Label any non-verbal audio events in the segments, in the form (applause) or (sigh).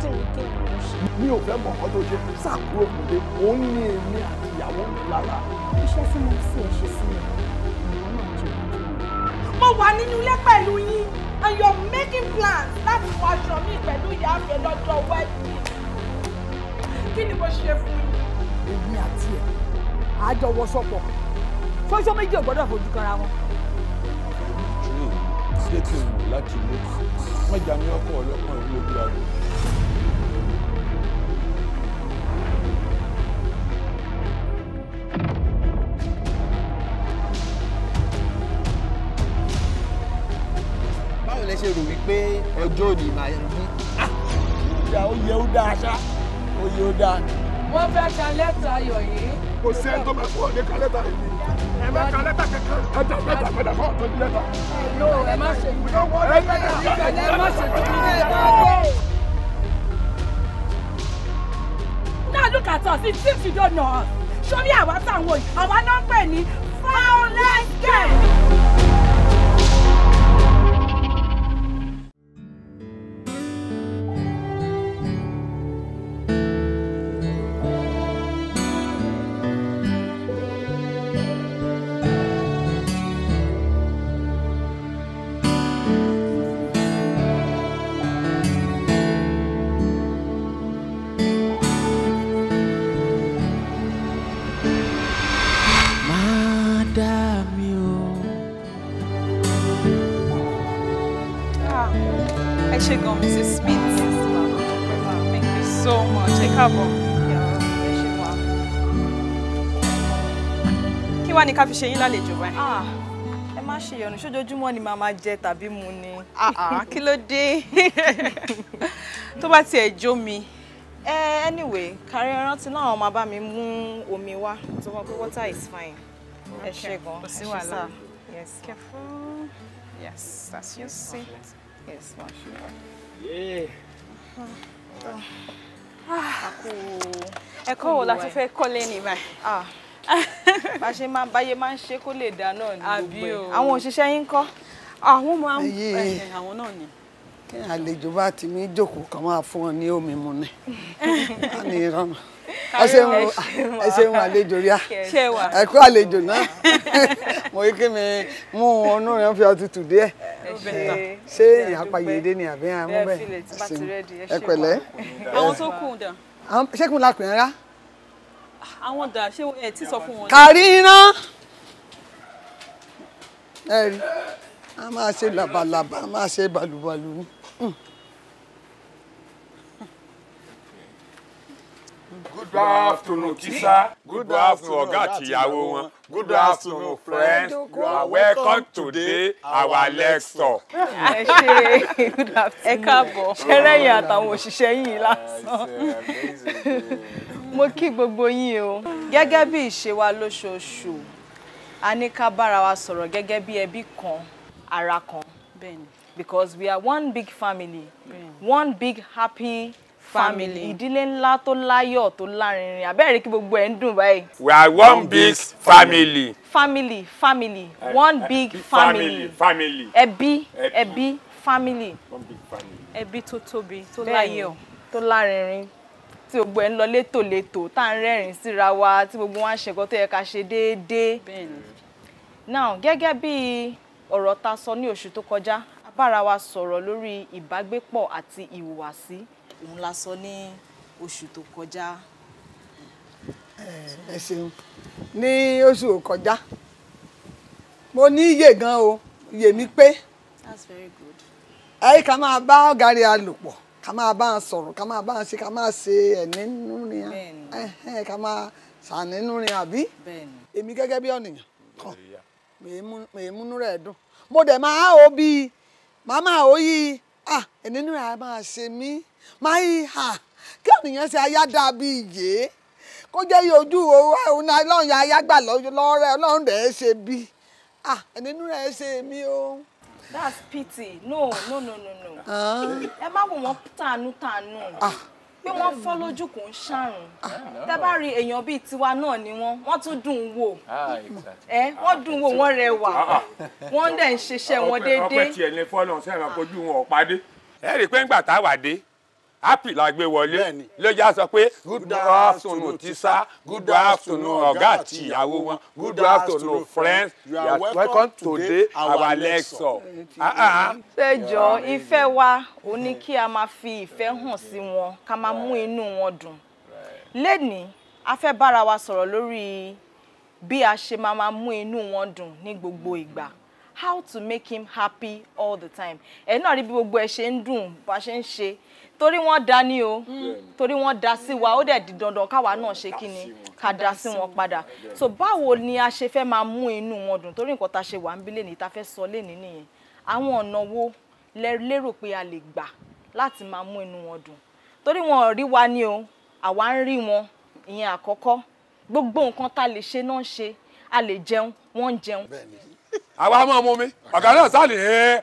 tí mi kí n ṣe. mi ò fẹ́ mọ̀ ọ́n tó ṣe sàkúrò kò dé òun ní èmi àti ìyàwó lára. iṣẹ́ tí mo sì ṣe sí mi ìwọ náà jẹ́ ojú mi. mo wà nínú ilé pẹ̀lú yín and you making plans láti wọ aṣọ mi pẹ̀lú ìyá àfẹ́ lọ́jọ́ wẹ́ẹ̀dì. kí ni mo ṣe fún yín. èmi àti ẹ̀ àjọ wọṣọpọ̀ fọ́ṣọ́ méjì ò gbọ́dọ̀ fojú kanra wọn ṣé kí n wò láti mú wọn jà ní ọkọ ọlọ́pàá ìlú ogun ọjọ́ òní màá yẹn bí. Ah! ó yẹ ó dáa ṣá ó yẹ ó dáa. wọ́n fẹ́ ka lẹ́tà ayọ̀ yìí. kò sí ẹni tó máa kú ọ̀dẹ́ ka lẹ́tà yìí ẹ má ka lẹ́tà kankan ẹ dá lẹ́tà padà fún ọ̀tọ́ ní lẹ́tà. ẹ má ṣe ẹ má ṣe tó ní lẹ́tà. Now look at us, it seems you don't know us. Show me our town, our number, foul let's get. ká fi ṣe yín lálejò báyìí. Ah, ẹ má ṣe ìyọnu ṣojoojúmọ́ ni màá máa jẹ tàbí mu ni. Ah, ah, kí ló dé tó bá tiẹ̀ jó mi. ẹ anyway kárí rántí láwọn máa bá mi mú omi wá tó mọ pé water is fine. ẹ ṣe gan ẹ ṣe sá. yes careful yes that's you see yes ma ṣe. ẹ̀kọ́ wo la ti fẹ́ kọ́lé ní báyìí bá ṣe máa báyé máa ń ṣe kó lè dá náà ní gbogbo ẹ̀ àwọn òṣìṣẹ́ yín kọ́ àwọn máa ń àwọn náà ni. kí àlejò bá ti mí jókòó kan máa fún ọ ní omi mu ni (laughs) wọn ní ìrànà ẹ ṣeun àlejò rí a ẹ kú àlejò náà (laughs) mo rí kí mi mú ọnú rẹ fi ọtútù díẹ̀ ṣé ìyàpàyèdè ni àbí àmúbẹ ẹ pẹ̀lẹ́. àwọn tó kù dà. ṣé kí n la pè é rá àwọn dà ṣé ẹ ti sọ fún wọn. Karina ẹ rí a máa ṣe làbàlàbà a máa ṣe balùbalù ni. Good afternoon, Kisa. Good afternoon, ọ̀gá àtìyàwó wọn. Good afternoon, friends. You are welcome today our lecture. Ẹ ṣe good afternoon. Ẹ káàbọ̀. Ṣẹ́rẹ́yìn àtàwọn òṣìṣẹ́ yìí lásán mo kí gbogbo yín o gẹ́gẹ́ bí ìṣe wa lóṣooṣù a ní ká bára wa sọ̀rọ̀ gẹ́gẹ́ bí ẹbí kan ara kan because we are one big family one big happy family ìdílé ńlá tó láyọ̀ tó lárinrin abẹ́rẹ́ kí gbogbo ẹ̀ ń dùn báyìí. we are one, one big family. family family eh, eh, one big family family ẹbí ẹbí family ẹbí tó tóbi tó láyọ̀ tó lárinrin tí gbogbo ẹ̀ ń lọ létòlétò tá à ń rẹ́rìn síra wa tí gbogbo wa ń ṣe nǹkan tó yẹ ká ṣe déédéé. now gẹ́gẹ́ bí ọ̀rọ̀ ta sọ ní oṣù tó kọjá a wa sọ̀rọ̀ lórí ìbágbépọ̀ àti ìhùwàsí. òun la sọ ní oṣù tó kọjá. ẹ ṣeun ní oṣù tó kọjá mo ní iye gan o iye mi pé. that's very good. ẹ ká máa bá ọ̀gá rẹ̀ a lò pọ̀ ká máa bá wọn sọ̀rọ̀ ká máa bá wọn ṣe ká máa ṣe ẹ̀nínú ni ká máa ṣànínú ni àbí èmi gẹ́gẹ́ bí ọ̀nìyàn kan mèémúnú rẹ̀ dùn mo dẹ̀ máa ó bí màá máa ó yí ah ẹ̀nínú rẹ̀ máa ṣe mí máa yí ha kí ọ̀nìyàn ṣe ayá dáa bí ìyé kó jẹ́ yí ojú òun náà ọlọ́run yà á yá gbà lọ́rẹ́ ọlọ́run rẹ̀ ṣe bí ah ẹ̀nínú rẹ̀ ṣe mí o that's pity no no no no no ah. ẹ má wò wọ́n tànú tànú bí ah. wọ́n fọ́ lójú kò ń ṣàrùn tẹ́ your rí èèyàn bíi tiwa náà ni wọ́n wọ́n tún dùn wò ah, ẹ wọ́n dùn wò wọ́n rẹwà wọ́n dẹ̀ ń ṣiṣẹ́ wọn déédéé. ọpẹ́ tiẹ̀ ní fọlọ sẹwọn kojú wọn ọpadé ẹ rí i pé ńgbà tá a wà dé happy la gbé wọlé lọ́jà sọ pé good afternoon tisa good afternoon ọ̀gá àti ìyàwó wọn good afternoon friends you are welcome today our lecture. ṣèjọ ah, ah, ah. ìfẹ́ wa ò ní kí a máa fi ìfẹ́ hàn sí wọn ká máa mú inú wọn dùn lẹ́nìí a fẹ́ bára wa sọ̀rọ̀ lórí bí a ṣe máa máa mú inú wọn dùn ní gbogbo ìgbà how to make him happy all the time ẹ̀ náà rí bí gbogbo ẹ̀ ṣe ń dùn bá ṣe ń ṣe torí wọ́n dá ní o torí wọ́n dá sí wa ó dẹ̀ di dandan káwa náà ṣe kí ni ká dá sí wọn padà so báwo ni a ṣe fẹ́ máa mú inú wọn dùn torí nǹkan tá a ṣe wà ń bí lẹ́ni tá a fẹ́ sọ lẹ́ni nìyẹn àwọn ọ̀nà wo lérò pé a lè gbà láti máa mú inú wọn dùn torí wọn ò rí wa ni o àwa ń rí wọn ìyẹn àkọ́kọ́ gbogbo nǹkan tá a lè ṣe náà ṣe a lè jẹun wọ́n jẹun. àwa máa mú mi ọ̀gá náà sáà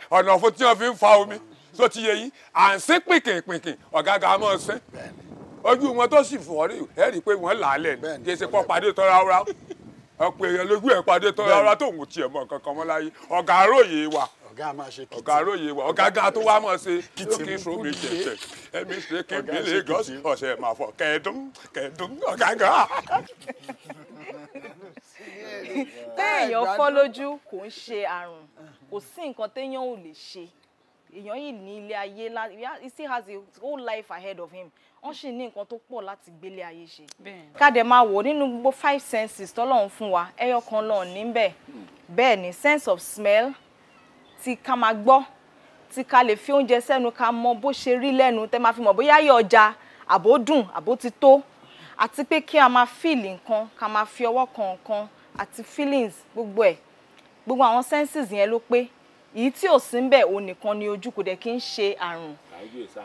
ọ̀nà fún tí wọ́n fi ń fa omi. tó ti yẹ yín à ń sín pìnkìnpìnkìn ọ̀gága mọ́ oju ojú wọn tó sì fori rí ẹ rí i pé wọ́n là á lẹ̀ ní kí ẹ ṣe pọ́ padé tó ráúráú ọ̀pọ̀ èèyàn lójú ẹ̀ padé tó tó ń tiẹ̀ kankan mọ́ láyé ọ̀gá wa ọ̀gá àròyé wa ọ̀gá gan tó wá mọ̀ ṣe kìtì fún mi jẹjẹ ẹ̀mí ṣe kí n bí Lagos ọ̀sẹ̀ máa fọ kẹ̀ẹ́dún kẹ̀ẹ́dún ọ̀gá gan. téèyàn fọ́ lójú kò ń ṣe àrùn kò sí nǹkan téèyàn ò lè ṣe èèyàn yìí ní ilé ayé he still has a whole life ahead of him wọ́n sì ní nǹkan tó pọ̀ láti gbélé ayé ṣe. káde máa wò nínú gbogbo five senses tọ́lọ́run fún wa ẹyọ kan lọ́ọ̀ níbẹ̀ bẹ́ẹ̀ ni sense of smell ti ká máa gbọ́ ti ká lè fi oúnjẹ sẹ́nu ká mọ bó ṣe rí lẹ́nu tẹ́ máa fi mọ̀ bóyá yọ ọjà àbó dùn àbó ti tó àti pé kí a máa fíìlì nǹkan ká máa fi ọwọ́ kan nǹkan àti feelings gbogbo ẹ̀ gbogbo àwọn senses yẹn ló pé èyí tí ò sí ń bẹ̀ òun nìkan ni ojú kò dẹ̀ kí ń ṣe àrùn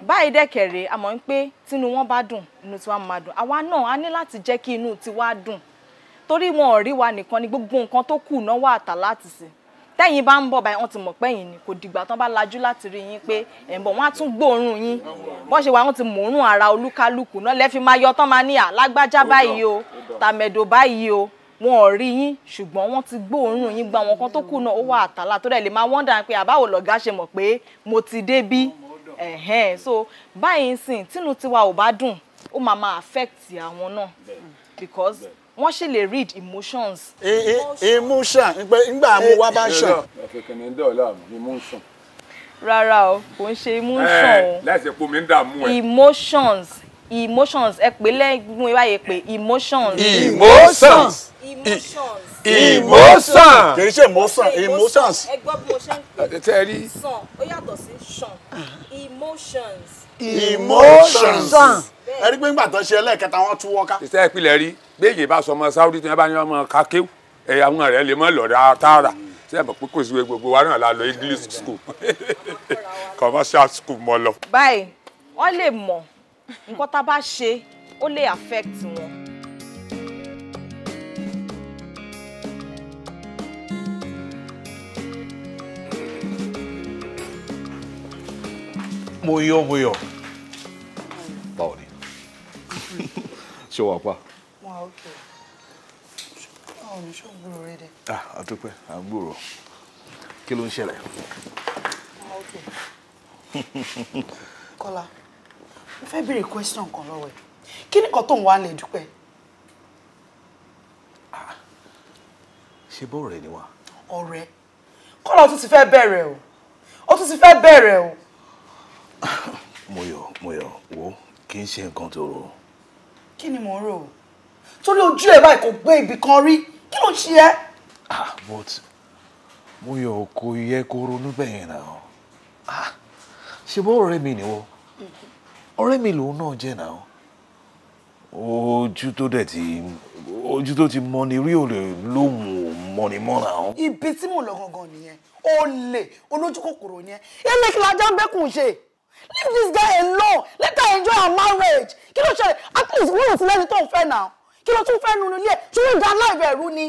báyìí dẹ́kẹ̀rẹ́ a mọ̀ ń pé tínú wọn bá dùn inú tiwa máa dùn àwa náà a ní láti jẹ́ kí inú tiwa dùn torí wọn ò rí wa nìkan ni gbogbo nǹkan tó kù náà wà àtà láti sè tẹ́yìn bá ń bọ̀ báyìí wọ́n ti mọ̀ pé ẹ̀yin ni kò dìgbà tán bá lajú láti rí yín pé ẹ̀ ń bọ̀ wọ́n á tún gbóòórùn yín bọ́n ṣe wà wọ́n ti mòórùn ara olúkálùkù náà lẹ́fi máa yọ tán máa níyà lágbájá báyìí o tàmẹ̀dò báyìí o wọn ò rí yín ṣùgbọ́n wọ́n ti gbóòórùn yín gba wọn kan tó kù náà ó wà àtàlà tó dẹ̀ lè máa wọ́ndà pé àbáwò lọ̀gá ṣe mọ̀ pé mo ti débí so báyìí ń sìn tínú tiwa ò bá dùn ó máa máa affect àwọn náà because wọ́n ṣe lè read emotions. E, e, emotion nígbà mo wá bá ṣàn. rárá o kò ń ṣe emotion o. láìsí epo mi ń dààmú ẹ. emotions emotions ẹ pè lẹ́gbùn ìwáyé pé emotions. emotions emotions. emotions. kì í ṣe emotion emotions. ẹ gbọ́ bí mo ṣe ń pè é sàn ó yàtọ̀ sí sàn emotions. emotions. ẹ rí pé ńgbà tó ṣe ẹlẹ́ẹ̀kẹta wọ́n tún wọ́n ká. iṣẹ́ ìpìlẹ̀ rí gbẹ̀yìn bá sọmọ sáwùdí tí wọ́n bá ní ọmọ kakéw ẹ̀yà àwọn rẹ̀ lè mọ́ lọ́ọ̀dà tààrà ṣe é pé kò sí gbogbo wa náà la lọ english school commercial school mọ́ lọ. báyìí wọ́n lè mọ̀ nǹkan tá a bá ṣe ó lè affect wọn. mo yọ mo yọ báwo ni ṣé wàá pa. wà á ah à ń gbúrò kí ló ń ṣẹlẹ̀. wà á kẹ kọ́lá mo fẹ́ béèrè question kan lọ́wọ́ ẹ̀ kí ni kan tó ń wá lè dúpẹ́. Ah, ṣe bó ọ̀rẹ́ ni wá. ọ̀rẹ́ kọ́lá tún ti fẹ́ bẹ̀rẹ̀ o ó tún ti fẹ́ bẹ̀rẹ̀ o. mo yọ mo yọ wo kì í ṣe nǹkan tó rò. kí ni mo rò torí ojú ẹ báyìí kò gbé ibì kan rí kí ló ń ṣe ẹ́. ah but mo yọ kò yẹ kó ronú bẹ́ẹ̀ yẹn náà ah, ṣe bó ọ̀rẹ́ mi nìwọ ọ̀rẹ́ mi lòun náà jẹ́ náà ojú tó dẹ̀ ti ojú tó ti mọ ni rí òde lóhùn ò mọ ni mọ́ra o. ibi tí mò ń lọ gangan nìyẹn olè olójú kòkòrò nìyẹn ilé kí lajá ń bẹ́kùn ṣe leave this guy alone let her enjoy her marriage kí ló ṣe at least wọ́n ò ti lẹ́ni tó ń fẹ́ náà kí ló tún fẹ́ nu ilé tún ń da láìpẹ́ ẹ̀rú ni.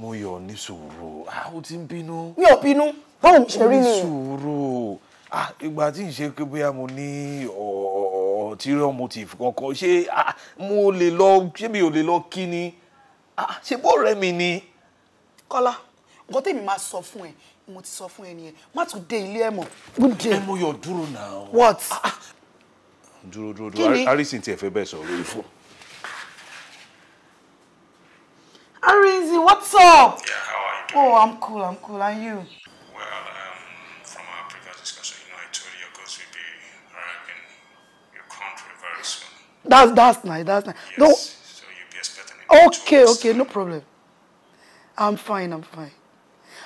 mo yọ ní sùúrù àwọn ti ń bínú. mi ò bínú báwo ṣe rí nìyẹn. ní sùúrù ah ìgbà tí n ṣe pé bóyá mo ní ulterior motive kankan ṣé mo lè lọ ṣé mi ò lè lọ kí ni ṣé bó rẹ mi ni. kọ́lá nǹkan tèmi máa sọ fún ẹ mo ti sọ fún ẹ nìyẹn má tún dé ilé ẹ mọ́. ẹ mọ yọ dúró náà. what. dúró dúró dúró harrison tiẹ̀ fẹ́ bẹ́ẹ̀ sọ̀rọ̀ lórí fún. harrison what's up. Yeah, how are you oh i'm cool i'm cool and you. That's that's nice. That's nice. Yes. No. So you'd be expecting Okay, okay, no problem. I'm fine. I'm fine.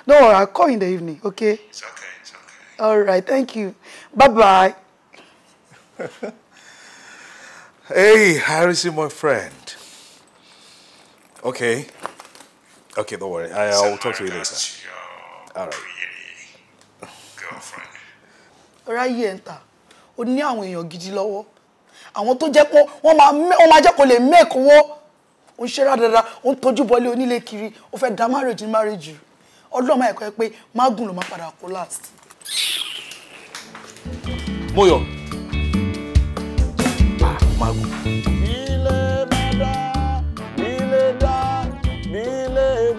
Don't worry. I'll call in the evening. Okay. It's okay. It's okay. All right. Thank you. Bye bye. (laughs) hey, Harrison, my friend. Okay. Okay, don't worry. I, I'll talk to you later. All right. Girlfriend. All right, you enter. Ó ní àwọn gidi lọ́wọ́ àwọn tó jẹ́ kó wọ́n máa jẹ́ kó lè mẹ́ẹ̀kì owó ó ń ṣe rádaràda ó ń tọ́jú bọ́lé onílé kiri ó fẹ́ da marriage ní marriage ọdún ọmọ ẹ̀kọ́ ẹ pé mágùn ló máa padà kó last. Moyọ magun. ilé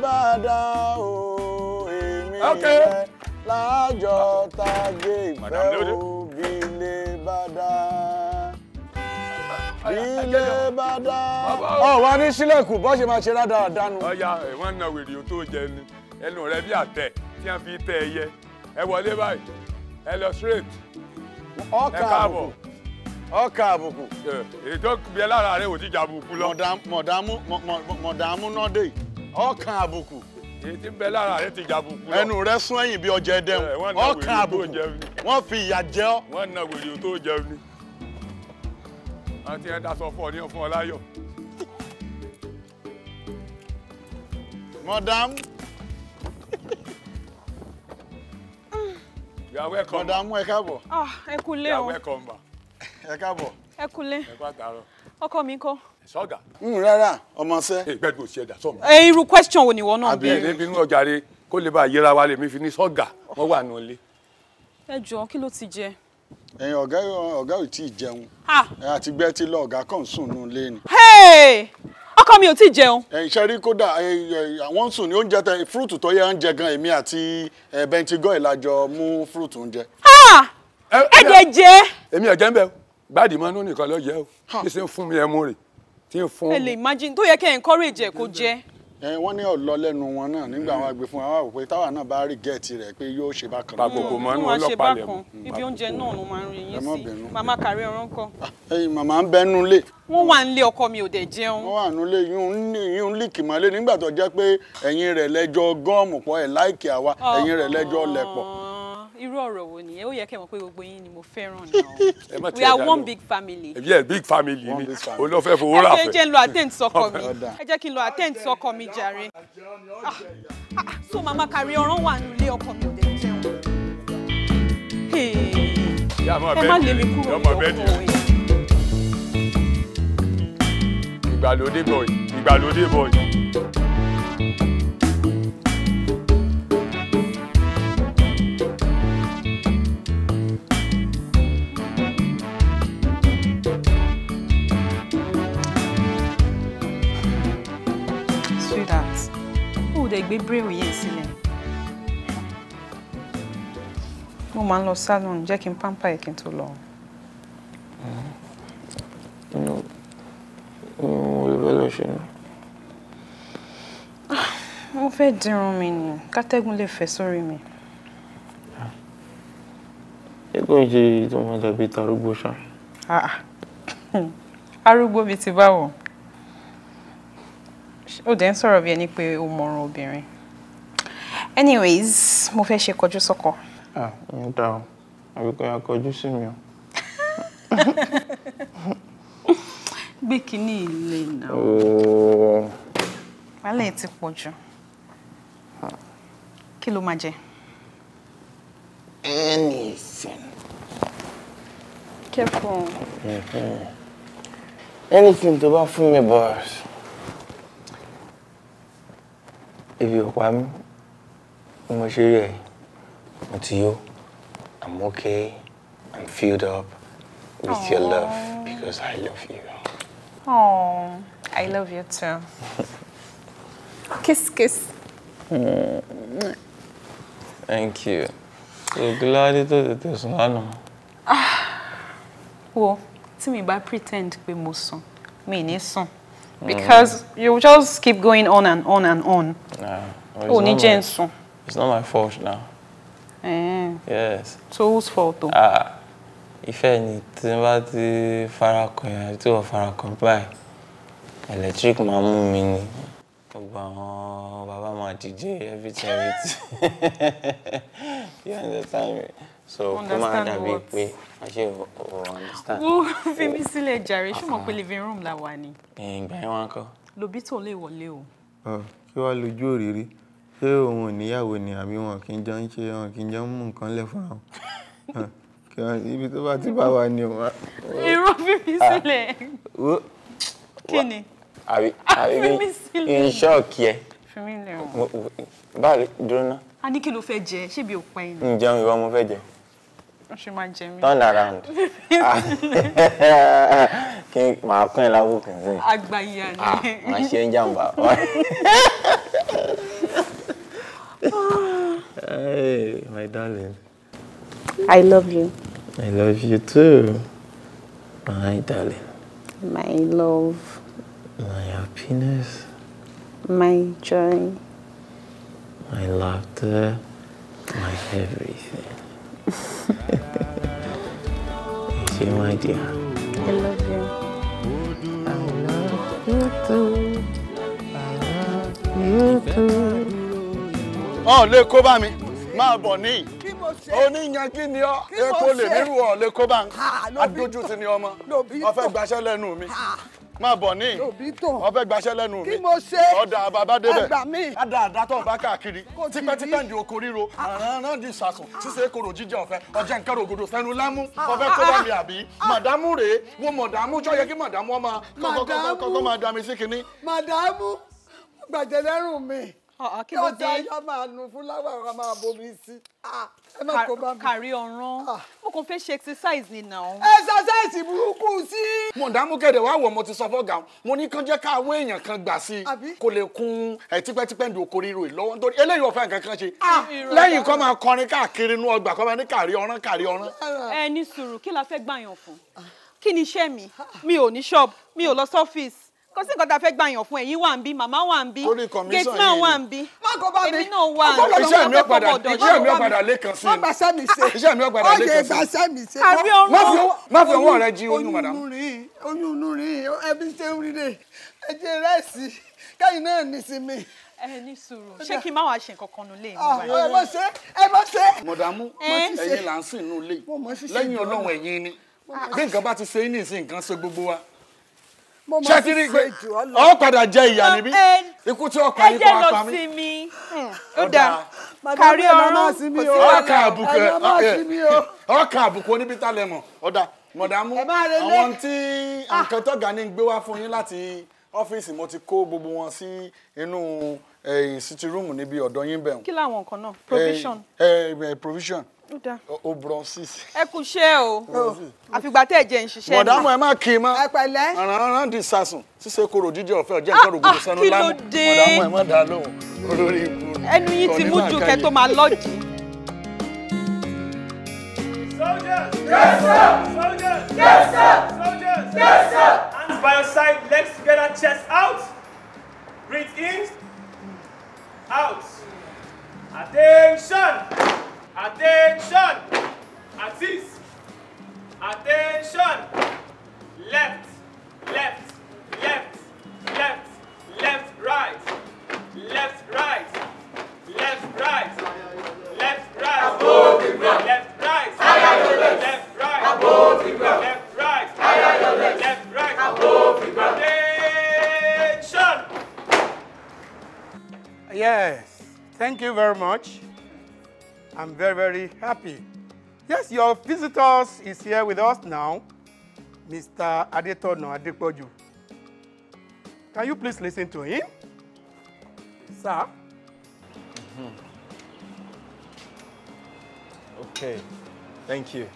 bá ilé bá dá. ọ wá ní sílẹ̀kùn bó ṣe máa ṣe rádà àdánù. ọya wọn na wèrè tó jẹ ni ẹnu rẹ bí àtẹ tí wọn fi tẹ ẹyẹ ẹ wọlé báyìí ẹ lọ straight ẹ káàbọ̀ ọkà àbùkù. ètò bíi lára rẹ ò ti jà àbùkù lọ. mọ̀dàmú mọ̀dàmú nọ́dẹ̀ ọkà àbùkù. ètò bíi lára rẹ ti jà àbùkù lọ. ẹnu rẹ sún ẹ̀yìn bíi ọjà ẹdẹun ọkà àbùkù wọ́n fi ìyà jẹ ọ́. wọ́n na wèrè tó jẹun ni àti ẹ dasọ fún ọ ní ọfún ọláyọ. madam. you are welcome. madam ẹ káàbọ̀. Ah, ẹ kúlé o. you are welcome ma. ẹ káàbọ̀. ẹ kúlé. ẹ kó àtàrọ. ọkọ mi kọ́. sọgà. n rárá ọmọ sẹ. ẹ gbẹdùn òsì ẹdà sọmọ. ẹ irú question wo ni ìwọ náà béèrè. àbí ẹni bí ń ọjà rẹ kó lè bá yẹra wa lè mi fi ní sọgà wọn wà nù ilé. ẹ jọ kí ló ti jẹ ẹyin ọ̀gá ọ̀gá ò tí ì jẹun àti gbẹ́ tí lọ ọ̀gá kan sùn nù lé ni. ọkọ mi ò tí ì jẹun. iṣẹ́ rí kódà àwọn ń sùn ní oúnjẹ tẹ fúrúùtù tó yẹ oúnjẹ gan èmi àti bẹntigọ́ ìlàjọ mú fúrúùtù oúnjẹ. ẹ̀ẹ́dẹ̀ jẹ́. èmi ẹ̀jẹ̀ ń bẹ gbáàdì mọ́nú nìkan ló jẹ́ o kí ṣe ń fún mi ẹmu rè tí ń fún. ẹ lè imagine tó yẹ kẹ́ encourage ẹ̀ kó jẹ́ wọ́n ní ọ̀lọ́ lẹ́nu wọn náà nígbà wọn mm. gbé fún wa wọ́n pé táwa náà bá rí gẹ̀ẹ́tì rẹ̀ pé yóò ṣe bákan náà. gbogbo mọ inú ọlọ́pàá lẹ̀ mú. ibi oúnjẹ náà ló máa ń rin yín sí màmá kàrí ọ̀rọ̀ ńkọ́. Ah, ẹyin màmá ń bẹnu lé. wọ́n wà nílé ọkọ mi ò dẹ̀ jẹun. wọ́n wà nílé yín ń líkì mọ́lé nígbà tó jẹ́ pé ẹ̀yin rẹ̀ lẹ́jọ́ gọ́ọ̀mù pọ̀ ẹ̀ láìkì àwa ah. ẹ̀yin rẹ̀ lẹ́jọ́ lẹ̀pọ̀ irú ọ̀rọ̀ wo nìyẹn ó yẹ kẹ́ mọ̀ pé gbogbo yín ni mo fẹ́ràn (laughs) náà we are one big family. yes big family ni olófẹ́ fowó rà fẹ́. ẹ jẹ́ n lọ attend sọ́kọ mi ẹ jẹ́ kí n lọ attend sọ́kọ mi jàre ah, ah, ah. so mama kàrí ọ̀rán wà nílé ọkọ mi ò dé jẹun. ẹ má lè mi kúrò ní ọkọ yìí. ìgbàlódé bọ̀ ìgbàlódé bọ̀ yìí. dẹ̀ gbé bírèwì yẹn sílẹ̀. mo máa ń lọ salon jẹ́ kí n pampa ẹ̀ kí n tó lọ. inú inú wo ló fẹ́ lọ ṣe ni. Ah, mo fẹ́ dirun mi ni kátẹ́gùn lè fẹ́ sórí mi. ṣé kò tó máa dàbí tarúgbó ṣá. Ah, ah. (laughs) arúgbó mi ti báwọ̀ ó dẹ̀ ń sọ̀rọ̀ bí ẹni pé ó mọ̀ràn obìnrin anyways mo fẹ́ ṣe kọjú sọ́kọ. ah ń dá o àbí kò yà kọjú sí mi o. gbé kínní ilé náà. Oh. wàhálà ẹ ti pọ̀ jù kí ló máa jẹ. anything. careful. Mm anything tó bá fún mi boss. ebi ò pa mí bí mo ṣe rí mo ti yó i'm okay i'm filled up with Aww. your love because i love you. Aww, i love you too. kiss kiss. thank you. ògùládé tó tètè sùn lánàá. Ah, wo tí mi bá pretend pé mo sùn mi ì ní sùn because mm. you just keep going on and on and on. Nah, well, oh, it's, not my, it's not my fault now. Eh. Yes. So whose fault though? Ah, if anything about the bá ti farakàn yàrá tí wọ́n farakàn electric mamu mú mi ni gbogbo àwọn everything (laughs) you understand me so kó máa dàbí pé àṣé ò understand. wo oh, oh, (laughs) fi mí oh. sílẹ̀ jàre ṣé mo ah. pe living room la wà ni. ìgbà yẹn wọn kọ. lobi tó lè wọlé o. Ah, kí wàá lójú òrìrì ṣé òun ò níyàwó ni àbí wọn kì í jọ ń ṣe wọn kì í jọ ń mú nǹkan lẹ̀ fúnra wọn ah, ibi tó bá ti bá wa ni wa. irọ́ fífi sílẹ̀. kí ni. àbí àbí in shock yẹ. fi mí lè rùn. báyìí dúró náà a ní kí ló fẹ́ jẹ ṣébi ò pẹ́ ni. ǹjẹun ìwọ mo fẹ́ jẹ. ó ṣe máa jẹ mí. turn around (laughs) kí n máa kún ẹ lábùkù sí. àgbàyà ni. Ah, màá ṣe ń jàǹbá. (laughs) Hey, my darling. I love you. I love you too. My darling. My love. My happiness. My joy. I loved laughter, my everything. you (laughs) see, my dear. I love you. I love you too. I love you too. Ọ̀ lè kó bá mi, máa bọ̀ níyì. Oníyanjú ni ọ́, epo lè mírù ọ̀ lè kó bá mi. Adójú ti ni ọmọ, ó fẹ́ gbaṣẹ́ lẹ́nu mi máa bọ̀ ní ọbẹ̀ gbaṣẹ́ lẹ́nu mi kí mo ṣe ọ̀dà bàbá débẹ̀ ẹgbà mi àdàdà tó bá káàkiri tipẹ́tipẹ́ di oko ríro ah. àràràn di ìsàsùn ah. ṣíṣe koro jíjẹ ọ̀fẹ́ ọjà nǹkan rògbòdò fẹnu lámú ah. ọfẹ́ kó bá mi àbí màdámù rèé wo màdámù jọ yẹ kí màdámù ọmọ kọ́kọ́ máa dami sí kinní. màdámù gbàjẹ́ lẹ́rù mi kí ọjà yọ máa nu fúláwà ọ̀rọ̀ máa bomi sí kàrí ọ̀ràn ah. mo kàn fẹ́ ṣe exercise ni náà. exercise burúkú sí. mo dààmú kẹ̀dẹ̀ wá wọ̀ mo ti sọ fọ́gà mo ní kán jẹ́ ká àwọn èèyàn kan gbà sí i kó lè kún tipẹ́tipẹ́ ní oko ríro ìlọ́wọ́ nítorí eléyìí ọ̀fẹ́ nǹkan kan ṣe ah, lẹ́yìn kọ́ máa kọrin káàkiri inú ọgbà kọ́ máa ní kàrí ọ̀ràn kàrí ọ̀ràn. ẹ ní sùúrù kí la fẹ́ gbàyàn fún ah. kí ni iṣẹ́ mi mi ò ní ṣọ́ọ̀bù mi ò lọ sọ́fíìsì kò sí nǹkan tá a fẹ́ gbàyàn fún ẹ̀yin wà ń bí màmá wà ń bí gateman wà ń bí èmi náà wà ń bí iṣẹ́ mi ọ̀padà iṣẹ́ mi ọ̀padà lẹ́kan sí mi iṣẹ́ mi ọ̀padà lẹ́kan sí mi má fi owó rẹ jí oyún madam. oyún inú rí ẹbí ṣe ń rí rè ẹ jẹ rẹ́ẹ̀sì kẹ́yìn náà nísinmi ẹ ní sùúrù ṣé kí n má wàá ṣe nǹkan kan nù lé mi wá. Ah, ẹ mọ ṣe ẹ mọ ṣe. mọ̀dàmú ẹ̀yin là ń sìn nù lé lẹ́yìn ọlọ́run ẹ̀yin ni bí nǹkan bá ti ṣe é ní ìsìn nǹkan ṣe gbogbo wa ṣé i pé ọ padà jẹ ìyá níbí ikú tí ọkọ yìí kò apá mi. ó dà kárí ọrùn ọkà àbùkù ọkà àbùkù oníbi tálẹ̀ mọ̀ ọ̀dà mọ̀dàmú àwọn tí ah. nǹkan tọ́gà ní gbé wá fún yín láti ọ́fíìsì mo ti kó gbogbo wọn sí inú eh, sitting níbi ọ̀dọ̀ yín bẹ̀rù. kí làwọn nǹkan náà provision eh, eh, o bronzes. ẹ kú iṣẹ́ o àfìgbà tẹ́ ẹ jẹ́ ń ṣiṣẹ́ ni. mọ̀dámù ẹ má kí i mọ́ àràárán di sàsùn ṣíṣe korò dídí ọ̀fẹ́ ọ̀jẹ̀ nǹkan rògbòdò sẹ́nu lánàá mọ̀dámù ẹ má dá lóhùn olórí ikú. ẹnu yín ti mú ju kẹ́ tó máa lọ́ọ̀jì. Soldiers! Yes, sir! Soldiers! Yes, sir! Soldiers! Yes, sir! Hands by your side, legs together, chest out. Breathe in. Out. Attention! Attention! Assist! Attention! Left, left, left, left, left, right, left, right, left, right, left, right, left, right, left, right, left, right. Yes, thank you very much. I'm very, very happy. Yes, your visitors is here with us now, Mr. Adetono Adepoju. Can you please listen to him? Sir? Mm -hmm. Okay, thank you.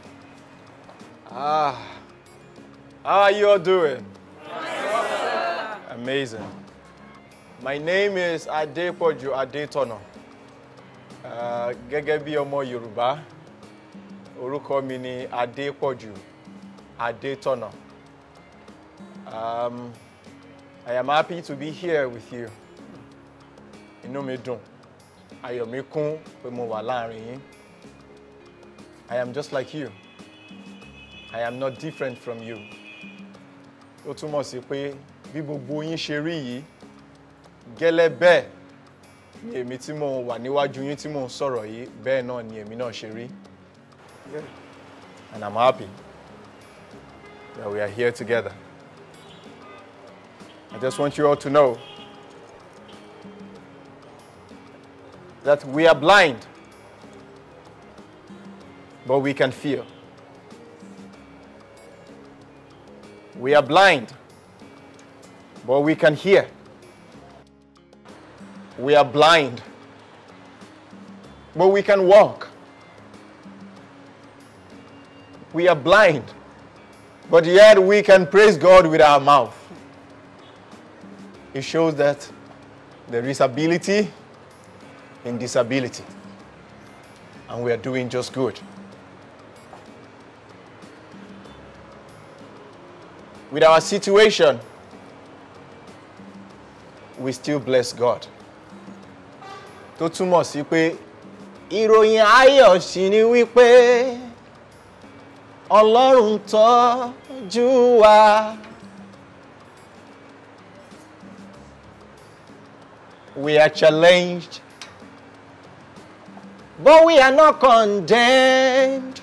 Ah, how are you all doing? Yes, Amazing. My name is Adepoju Adetono. Ah, gẹ́gẹ́ bí ọmọ Yorùbá orúkọ mi ni Adépọ̀jù Adétọ̀nà. Um, I am happy to be here with you. Inú mi dùn, ayọ̀ mi kún pé mo wà láàrin yín. I am just like you. I am not different from you. Ó túmọ̀ sí pé bí gbogbo yín ṣe rí yìí, gẹ́lẹ́ bẹ́ẹ̀ èmi tí mo wà níwájú yín tí mo ń sọ̀rọ̀ yìí bẹ́ẹ̀ náà ni èmi náà ṣe rí and I'm happy that we are here together. I just want you all to know that we are blind, but we can feel. We are blind, but we can hear. We are blind, but we can walk. We are blind, but yet we can praise God with our mouth. It shows that there is ability in disability, and we are doing just good. With our situation, we still bless God. tó túmọ̀ sí pé ìròyìn ayọ̀ sì ni wípé ọlọ́run tọ́jú wa. We are challenged, but we are not condemned.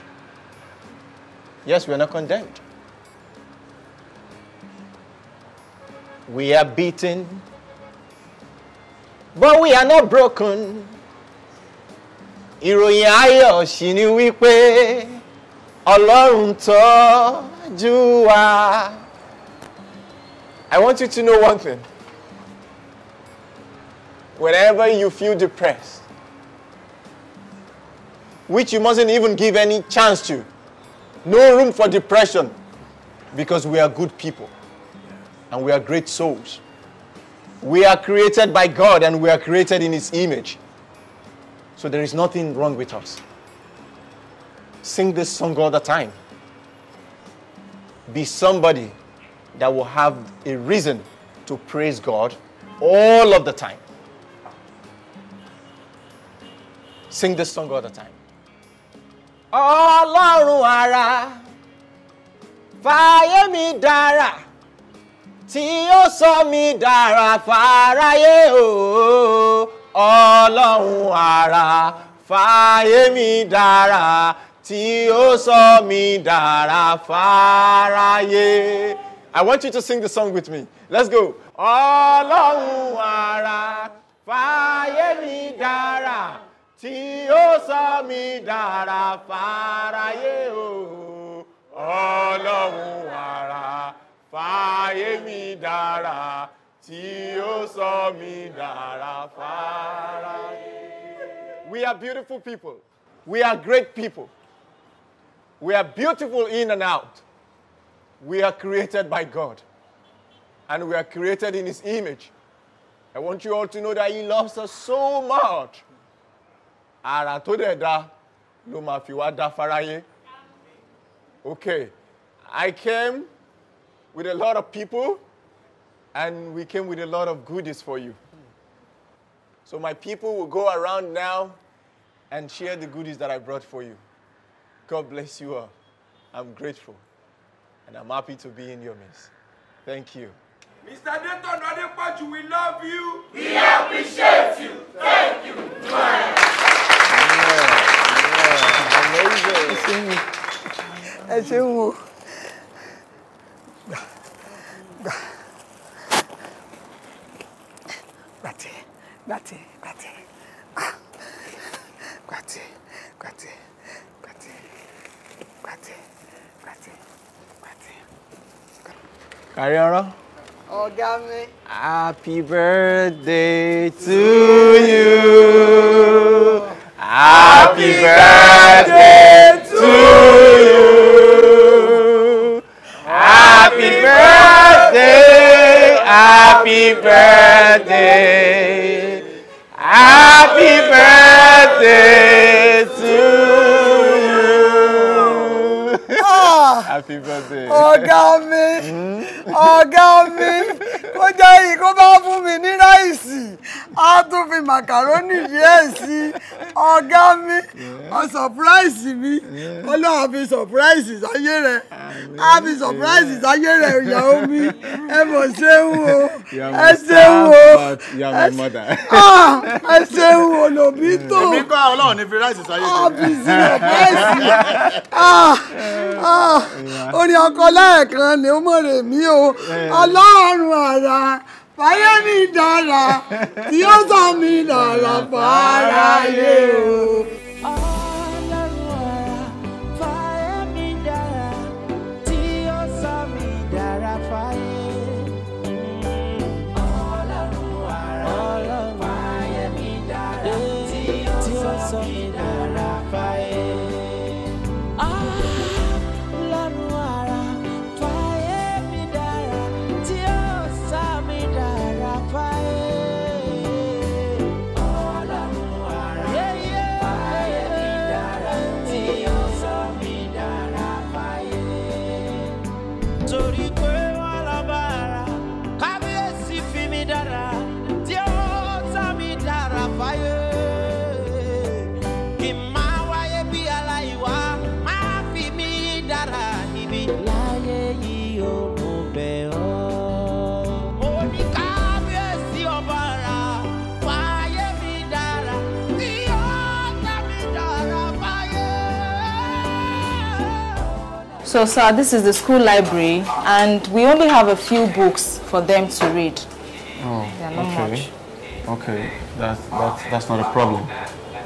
Yes, we are not condemned. We are beaten. but we are not broken. ìròyìn ayọ̀ sì ni wípé ọlọ́run I want you to know one thing. Whenever you feel depressed, which you mustn't even give any chance to, no room for depression because we are good people and we are great souls. We are created by God and we are created in His image. So there is nothing wrong with us. Sing this song all the time. Be somebody that will have a reason to praise God all of the time. Sing this song all the time. Ọlọ́run ara fàyè mi dára. tí ó sọ mi dára fáráyé o ọlọ́run ara fàyè mi dára tí ó sọ mi dára fáráyé. I want you to sing the song with me. Let's go. ọlọ́run ara fàyè mi dára tí ó sọ mi dára fáráyé o. We are beautiful people. We are great people. We are beautiful in and out. We are created by God. And we are created in His image. I want you all to know that He loves us so much. fáráyé. Okay, I came with a lot of people and we came with a lot of goodies for you. So my people will go around now and share the goodies that I brought for you. God bless you all. I'm grateful and I'm happy to be in your midst. Thank you. Mr. Dayton we love you. We appreciate you. Thank you. Yeah, yeah. Amazing. Grazie, grazie. Ah. Grazie, grazie, grazie, grazie, grazie, grazie. Oh, Ọ̀gá mi. Happy birthday to you. Happy birthday to you. Happy birthday. Happy birthday. Happy birthday to you. Ah, Happy birthday. Oh, Ọ̀gá Oh, ọ̀gá me. ó jẹ́ èyí kó bá fún mi ní ráìsì á tún fi màkàrónì díẹ̀ sí ọ̀gá mi ó sọ̀práìsì mi ọlọ́run fi sọ̀práìsì sáyé rẹ̀ á fi sọ̀práìsì sáyé rẹ̀ ìyàwó mi ẹ mọ̀ ṣéun o ah, ẹ ṣéun o ẹ ṣéun o lòbí tó èmi kọ́ ọlọ́run ní fi ráìsì sáyé rẹ̀ á fi sọ̀práìsì ah, ah. orin ọkọ lẹ́ẹ̀kan ni ó mọ̀ rè mí o eh. ọlọ́run àrà dára fáyé mi dára tí ó sọ mi dára fáráyé o. So, sir, this is the school library, and we only have a few books for them to read. Oh, okay. Much. Okay, that, that, that's not a problem.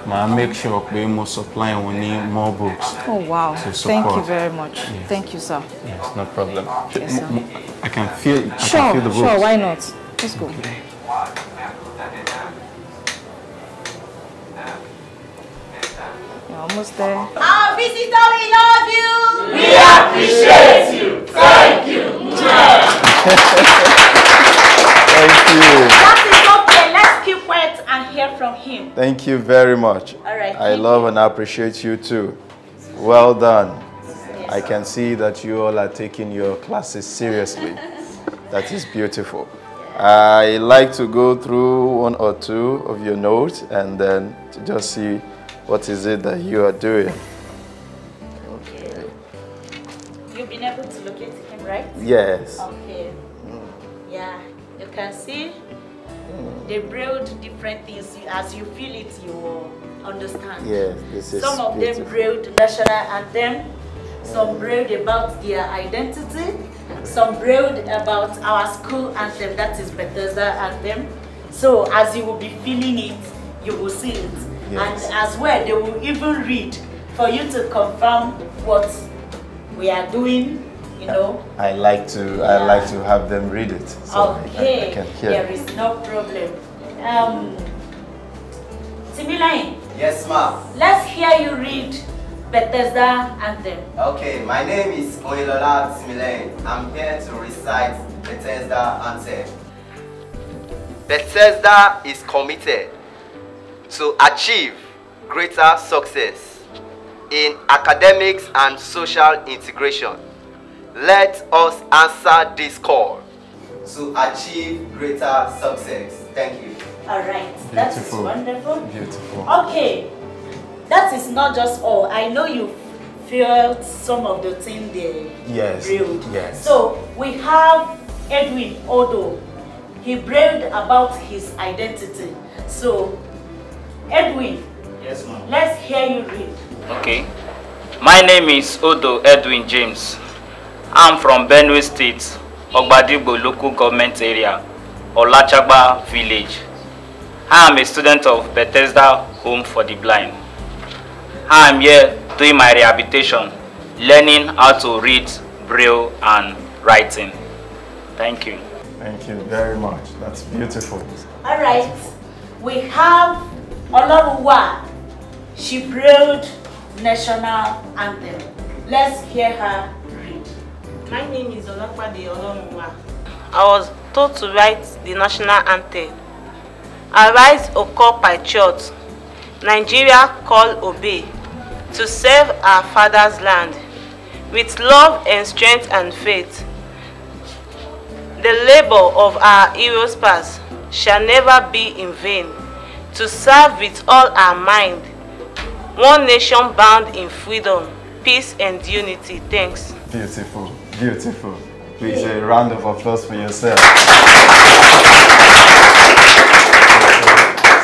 I make sure we must supply we need more books. Oh wow. To support. Thank you very much. Yes. Thank you, sir. Yes, no problem. Yes, sir. I can feel I sure, can feel the books. Sure, why not? Let's go. Okay. almost there. Our visitor, we love you. We appreciate you. Thank you. Thank you. That is okay. Let's keep quiet and hear from him. Thank you very much. All right. I love you. and appreciate you too. Well done. I can see that you all are taking your classes seriously. that is beautiful. I like to go through one or two of your notes and then to just see what is it that you are doing? Okay. You've been able to locate him, right? Yes. Okay. Mm. Yeah, you can see they brailled different things. As you feel it, you understand. Yes, this is Some of beautiful. them brailled national anthem, some brailled about their identity, some brailled about our school anthem, that is Bethesda anthem. So as you will be feeling it, you will see it. Yes. And as well, they will even read for you to confirm what we are doing, you know. I like to, I like to have them read it. So okay, I, I there is no problem. Um, Yes, ma'am. Let's hear you read Bethesda Anthem. Okay, my name is Oilola Timilain. I'm here to recite Bethesda Anthem. Bethesda is committed to achieve greater success in academics and social integration. Let us answer this call to achieve greater success. Thank you. All right, Beautiful. that is wonderful. Beautiful. Okay, that is not just all. I know you felt some of the things they yes. brewed. Yes. So we have Edwin Odo. He braved about his identity. So Edwin. Yes, ma'am. Let's hear you read. Okay. My name is Odo Edwin James. I'm from Benue State, Ogbadigbo local government area, Olachagba village. I am a student of Bethesda Home for the Blind. I am here doing my rehabilitation, learning how to read, braille and writing. Thank you. Thank you very much. That's beautiful. All right. We have Ọlọ́run she billed national anthem. Let's hear her read. My name is Olapade Olorunwa. I was told to write the national anthem. Arise, O call patriots. Nigeria call obey to save our father's land with love and strength and faith. The labor of our heroes past shall never be in vain. to serve with all our mind, one nation bound in freedom, peace and unity. Thanks. Beautiful, beautiful. Please, a round of applause for yourself.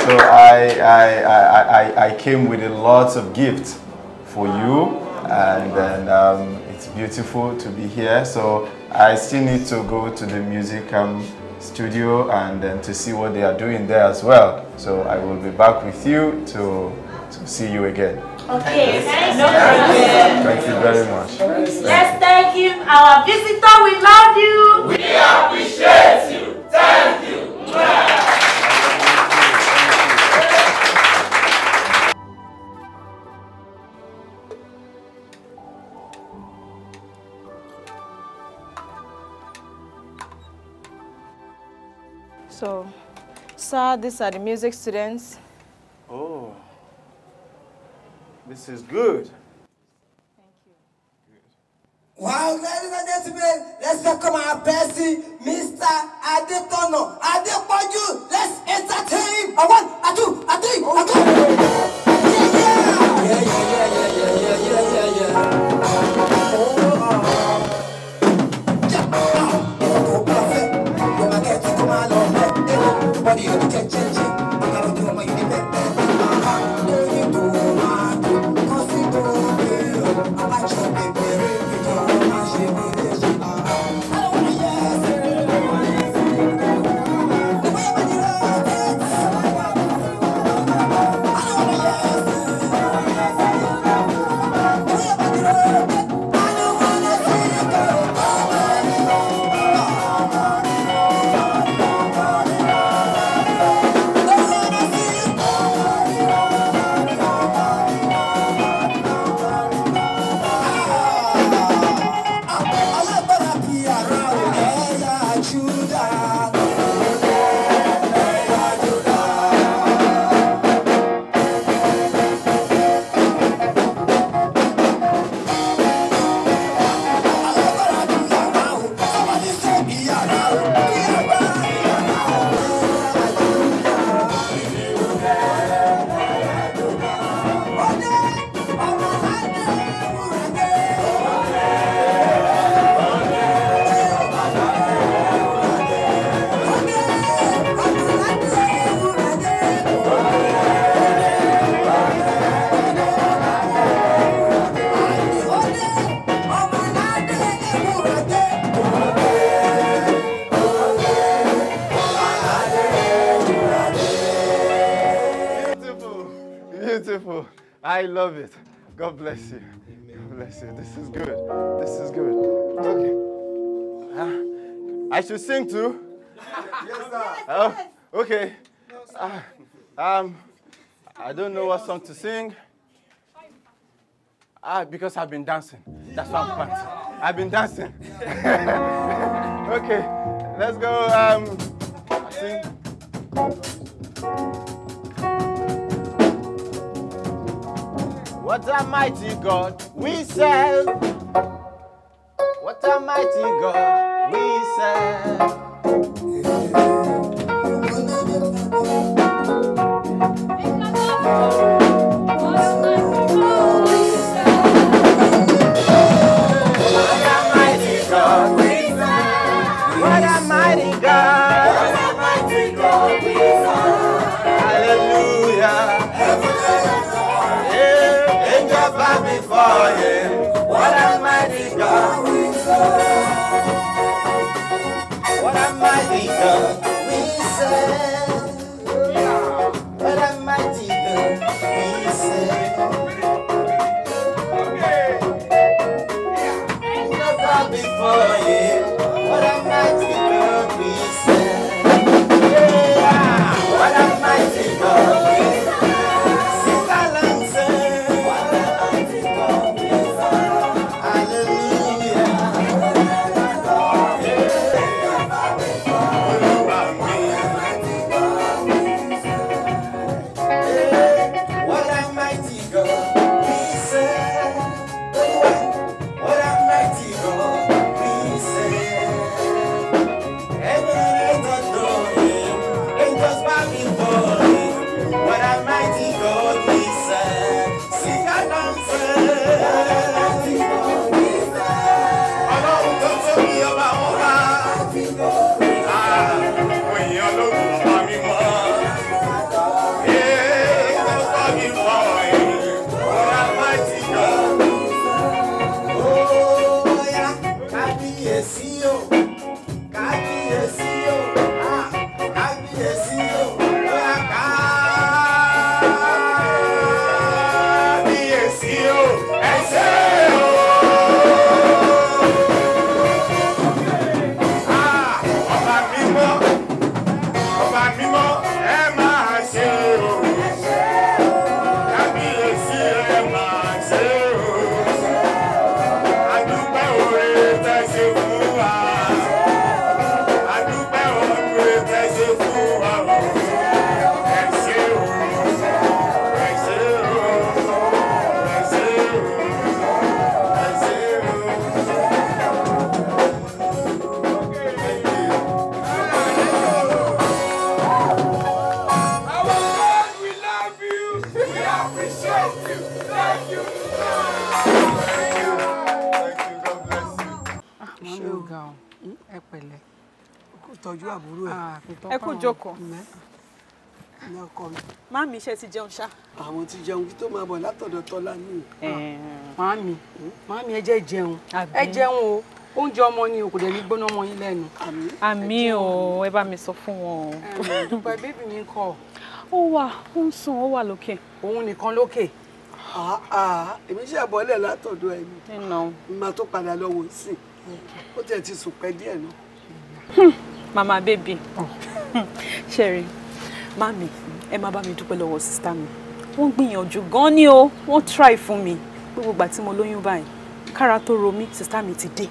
So I, I, I, I came with a lot of gifts for you and, then um, it's beautiful to be here. So I still need to go to the music um, studio and um, to see what they are doing there as well. So I will be back with you to, to see you again. Okay, thank you. Thank you very much. Let's thank him, our visitor. We love you. We appreciate you. Thank you. So, sir, these are the music students. Oh, this is good. Thank you. Good. Wow, ladies and gentlemen, let's welcome our person, Mr. Adetono Adepoju. Let's entertain him. A one, a two, a three, a go. Oh. Yeah, yeah. Yeah, yeah, yeah. cha cha. This is, this is good. This is good. Okay. Uh, I should sing too? yes, sir. (laughs) Uh, okay. Uh, um, I don't know what song to sing. Ah, because I've been dancing. That's what I'm panting. I've been dancing. (laughs) okay, let's go um, sing. What a mighty God we serve. What a mighty God we serve. ṣé o ga ọ ẹ pẹ̀lẹ́ tọ́jú àbúrò ẹ ẹ kó jókòó ní ọkọ mi. Máàmì iṣẹ́ ti jẹun ṣá. Àwọn ti jẹun kí tó máa bọ̀ látọ̀dọ̀ Tọ́lá ní. Máàmì máàmì ẹ jẹ́ jẹun ẹ jẹun o oúnjẹ ọmọ ni o kò dẹ̀ ní gbóná ọmọ yín lẹ́nu. Àmì o ẹ bá mi sọ fún wọn o. Ẹ̀mí ìdúpẹ́ bébì mi ń kọ̀ ó wà ó ń sùn ó wà lókè. òun nìkan lókè ah, ah, èmi ṣe àbọ̀lẹ̀ látọ̀dọ̀ ẹ̀mí màá tó padà lọ wò sí ó tiẹ̀ ti sùn pẹ́ díẹ̀ náà. (laughs) màmá bèbí ṣẹ̀rí mami ẹ má bá mi dúpẹ́ lọ́wọ́ sísá mi wọ́n gbìyànjú gan-an ni o wọ́n try fún mi gbogbo ìgbà tí mo lóyún báyìí kára tó ro mí sísá mi ti dé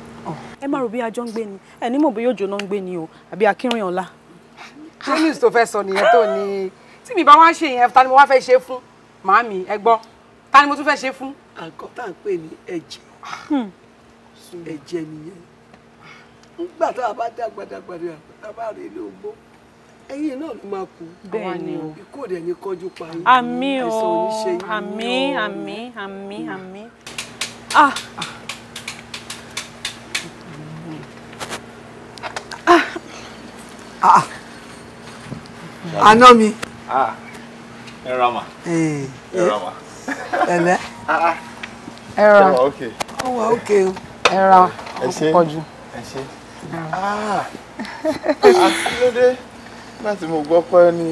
ẹ má rò bí ajọ́ ń gbé ni ẹ ní mò bí yóò jóná ń gbé ni o àbí akínrin ọ̀la. tó fẹ́ sọ nìyẹn tó ní tí mi bá wá ṣe yẹn ta ni mo wá fẹ́ ṣe fún màámi ẹ gbọ́ ta ni mo tún fẹ́ ṣe fún. àǹkọ́ tá à ń pè ní ẹ̀jẹ̀ hmm. ẹ̀jẹ̀ nìyẹn nígbà tá a bá dàgbà dàgbà rẹ̀ tá a bá rí ilé ogbó ẹ̀yin náà ló máa kú bẹ́ẹ̀ni o ikú rẹ̀ ní kọjú pa yín àmín o àmín àmín àmín àmín ah. Ah. Ah. Àná mi ẹ ra mà ẹ ra mà ẹlẹ ẹ ra ó wà ókè o ẹ ra púpọ̀ jù. akílódé nígbà tí mo gbọ́ pé ni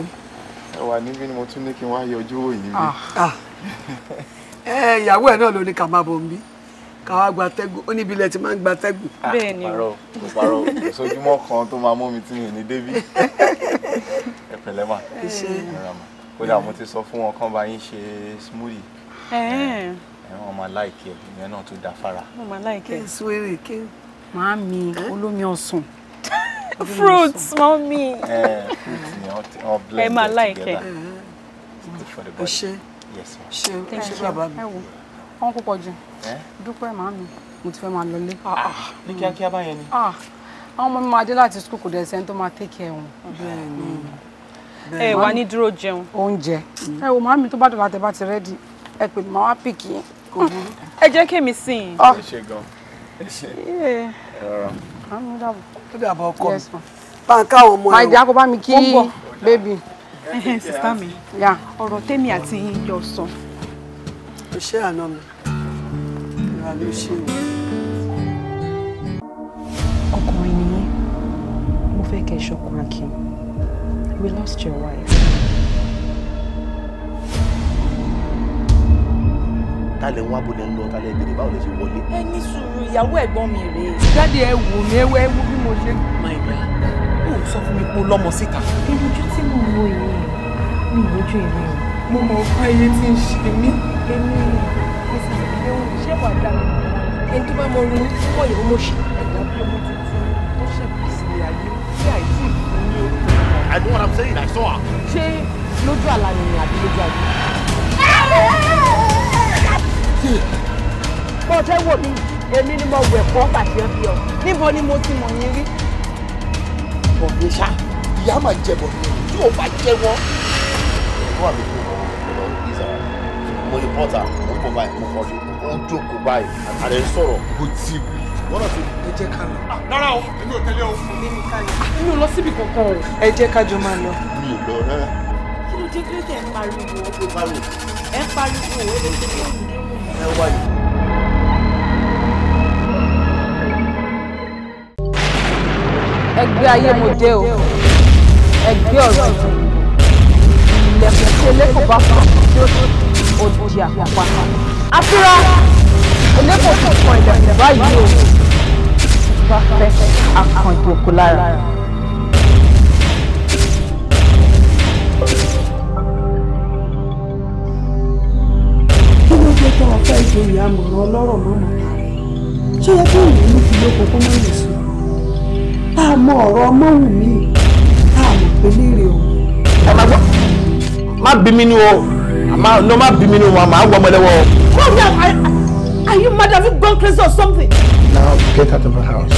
ẹ wà níbí ni mo tún ní kí n wá yọjú òyìnbí. ẹ ah. ah. (laughs) eh, ìyàwó ẹ náà ló ní ká máa bọ̀ káwá gba tẹ́gùn ó níbi ilẹ̀ tí máa ń gba tẹ́gùn. Ah, bẹ́ẹ̀ ni o kò parọ́ kò sójúmọ́ kan tó máa mú mi tí mi ní débí (laughs) ẹ pẹ̀lẹ́ mà kódà mo ti sọ fún wọn kán bá yín ṣe smoothie wọn máa láìkí ẹ ìyẹn náà tó da fara. wọn máa láìkí ẹ sún eré ké. màá mi olómi ọsàn. (laughs) fruits mọ́mí. fruits ni wọ́n blend together. ẹ máa láìkí ẹ. ṣe ṣe bàbá mi wọ́n kó pọ̀ jù dúpẹ́ màmí mo ti fẹ́ máa lọlé. Ah, ah, ní kíákíá báyẹn ni. Ah, àwọn ọmọ mi máa dé láti skul kò dẹ̀ sẹ́ni tó máa tẹ́kì ẹ̀wọ̀n. Mm. Eh, ẹ wà ní dúró jẹun. oúnjẹ ẹ wò màmí tó bá dọ̀la tẹ bá ti rẹ́dì ẹ pè mí màá pìkì yẹn. ẹ jẹ́ kí èmi sìn ó ṣe gan. àmì dàbọ̀. ó dàbọ̀ ọkọ mi. báńkà àwọn ọmọ ẹ wò. máa ìdá mi kí bébì. sista mi ọ̀rọ̀ tèmi àti yín jọ sọ iṣẹ́ àná mi ìrà ló ṣe mí. ọkùnrin ni yín mo fẹ́ kẹ́ ẹ ṣọkùn akin we lost your wife. tálẹ̀ ń wá bó ń lọ tálẹ̀ gbèrè báwo lẹ ṣe wọlé. ẹ ní sùúrù ìyàwó ẹ̀gbọ́n mi rèé. jáde ẹ wò mí ẹwẹ́ ẹwú bí mo ṣe. máa ń rẹ̀ ó sọ fún mi pé o lọ́mọ síta. irú tí mo ń ìwé mi ò lójú ìwé o. mo mọ̀ ọ́ fún ayé tí ń ṣe mí èmi mrs ìdíléwò ṣé wàá dá mi ẹni tó bá mọ orin pọ̀ yẹn mo ṣe ẹ̀dá bí ọmọ tuntun tó ṣe bìsì ayé tí àìsí ìfún ní orí. I know what I'm saying, I saw her. ṣé lójú àlá ni àbí lójú àbí. mo jẹ́ wò ní èmi ni mo wẹ̀ kọ́ tàbí ẹbí ọ níbo ni mo ti mọ̀ yín rí. bọ̀dé ṣá ìyá máa jẹ bọ̀dé tí bá jẹ wọ́n mo report her mo kọ báyìí mo kọ rí wọn jókòó báyìí àrẹ ń sọ̀rọ̀ bó ti wù wọ́n náà ti ẹ jẹ́ ká lọ. Ah, rárá o èmi ò tẹ́lẹ̀ o. èmi ni ká lọ ah, èmi ò lọ síbi kankan o ẹ jẹ́ ká jọ máa lọ. mi ò lọ rárá. kí ló dé kí ló tẹ ẹ pariwo. ó pariwo. ẹ pariwo ẹ lè ṣe kí òun dé wù. ẹ wáyé. ẹgbẹ́ ayé mo dé o ẹgbẹ́ ọ̀rọ̀ ìlẹ̀kùn tí eléko bá fún mi ọdí àpapà. afúrá onípò tó kan ilẹ̀ báyìí o bá fẹ́ akàn ìdòkú lára. kí ló dé tó ọ̀fẹ́ ìjòyè àmọ̀ràn ọlọ́rọ̀ mọ́mọ́ ṣé yẹ kí ìlú fi lóko kó má lè sùn tá a mọ ọ̀rọ̀ ọmọ wù mí tá a mọ̀ pé léèrè o. ẹ má gbọ́ má bí mi ní o. ma no ma bi mi ni ma wa come I, are you mad have you gone crazy or something now get out of my house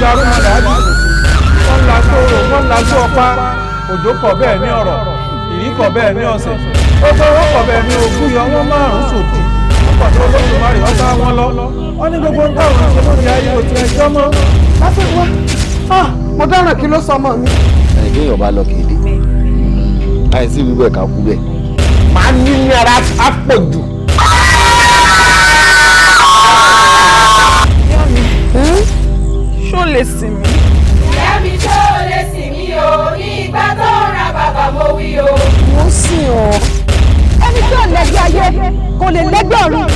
wọ́n la wọ́n la òjò kọ̀ bẹ́ẹ̀ ní ọ̀rọ̀ kọ̀ bẹ́ẹ̀ ní ọ̀sẹ̀ ó kọ̀ bẹ́ẹ̀ ní ogún márùn-ún pàtó wọn lọ ní gbogbo ṣe ayé òtún ẹjọ́ mọ́. lásìkò mo dáràn kí ló sọ ọmọ mi. ẹni kí èèyàn bá lọ kéde àìsí wíwẹ̀ ká kú bẹ́ẹ̀. màá ní ní ara àpọ̀jù. ṣó lè sìn mí. ìyá mi ṣó lè sìn o ní ìgbà tó ra bàbá mo wí o. wọ́n sìn ọ́. ẹni tí ò lẹ́gbẹ́ ayé kò lè lẹ́gbẹ́ ọ̀run.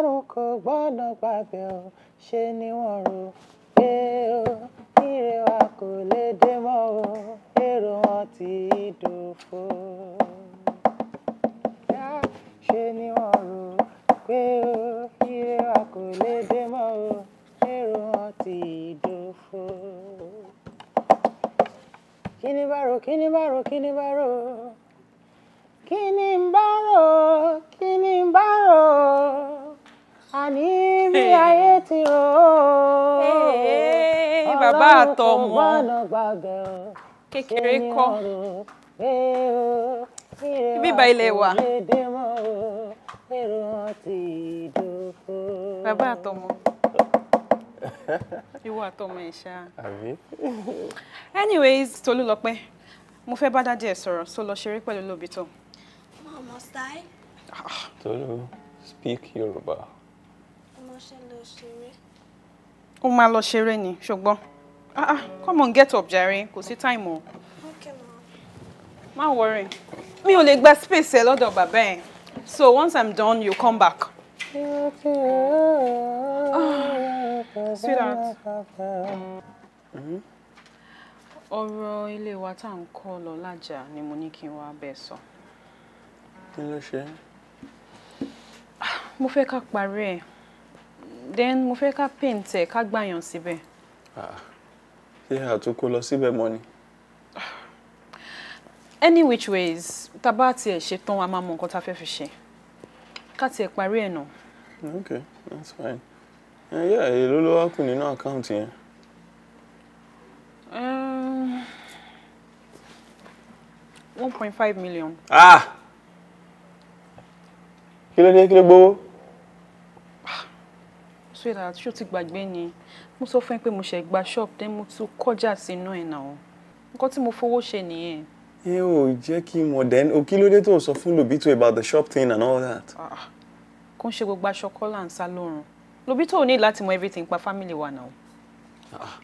ọlọ́run kò gbọ́dọ̀ gbàgbé o ṣe ni wọ́n rò pé o ire wa kò lè dé mọ́ o èrò wọn ti dòfo. ṣe ni wọ́n rò pé o ire wa kò lè dé mọ́ o èrò wọn ti dòfo. kíni bá rò kíni bá rò kíni bá rò kíni àní bí ayé ti rò ó bàbá àtọmọ kékeré kọ bíbá ilẹ̀ wà bàbá àtọmọ ìwọ àtọmọ ẹ anyways Tolúlọpẹ́ mo fẹ́ bá dájú ẹ sọ̀rọ̀ so lọ ṣeré pẹ̀lú lóbi tó. Tolu speak Yoruba ṣe lọ ṣeré. ó máa lọ ṣeré ni ṣùgbọ́n ah, ah come on get up jàre kò sí time o. okay ma. má worry mi ò lè gba space ẹ lọ́dọ̀ bàbá ẹ̀ so once i'm done you come back. Oh, sweetheart. hmm ọ̀rọ̀ ilé wa tá à ń kọ́ lọ lájà ni mo ní kí n wá bẹ́ẹ̀ sọ. kí ló ṣe é. Ah, mo fẹ́ ká parí ẹ̀ then mo fẹ́ ká paint ẹ̀ ká gbàyàn síbẹ̀. Ah, ṣé àtúnkò lọ síbẹ̀ mọ́ ni. any which ways tá a bá tiẹ̀ ṣetán a máa mọ nǹkan tá a fẹ́ fi ṣe ká tiẹ̀ parí ẹ̀ nà. okay that's fine eh, yeah èló ló wá kù nínú àkáǹtì yẹn. Um, one point five million. ah kí ló dé kí sweetheart ṣó ti gbàgbé ni mo sọ fún yín pé mo ṣe gba shop then mo tún kọjá sínú ẹ̀ náà nǹkan tí mo fowó ṣe nìyẹn. ẹ ò jẹ́ kí n mọ̀ then o kí ló dé tó sọ fún lobito about the shop thing and all that. Ah, ah. kò ń ṣe gbogbo aṣọ kọ́là ń sá lọ́rùn lobito ò ní láti mọ everything pa family wa náà. Ah,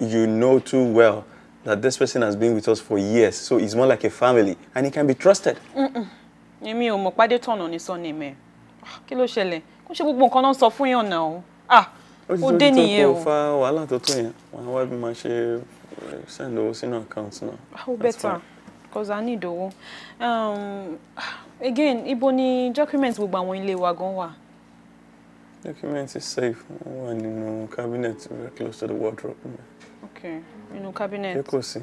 you, know too well that this person has been with us for years so he's more like a family and he can be trusted. èmi ò mọ̀ pàdé tọ̀nà ní sọ́ni mẹ́rin kí ló ṣẹlẹ̀ kó ṣe gbogbo nǹkan náà sọ fún yàn náà ah ó dé nìyẹn o. ó ti tó kó fa wàhálà tó tó yẹn wọn wá bí máa ṣe eh, send owó sínú àkáǹtì náà. Ah, ó bẹ́tà because I need owó um, again ibo ni documents gbogbo àwọn ilé wa gan wà. document is safe wọ́n wà nínú cabinet very close to the wardrobe. okay nínú cabinet. kí kò sí.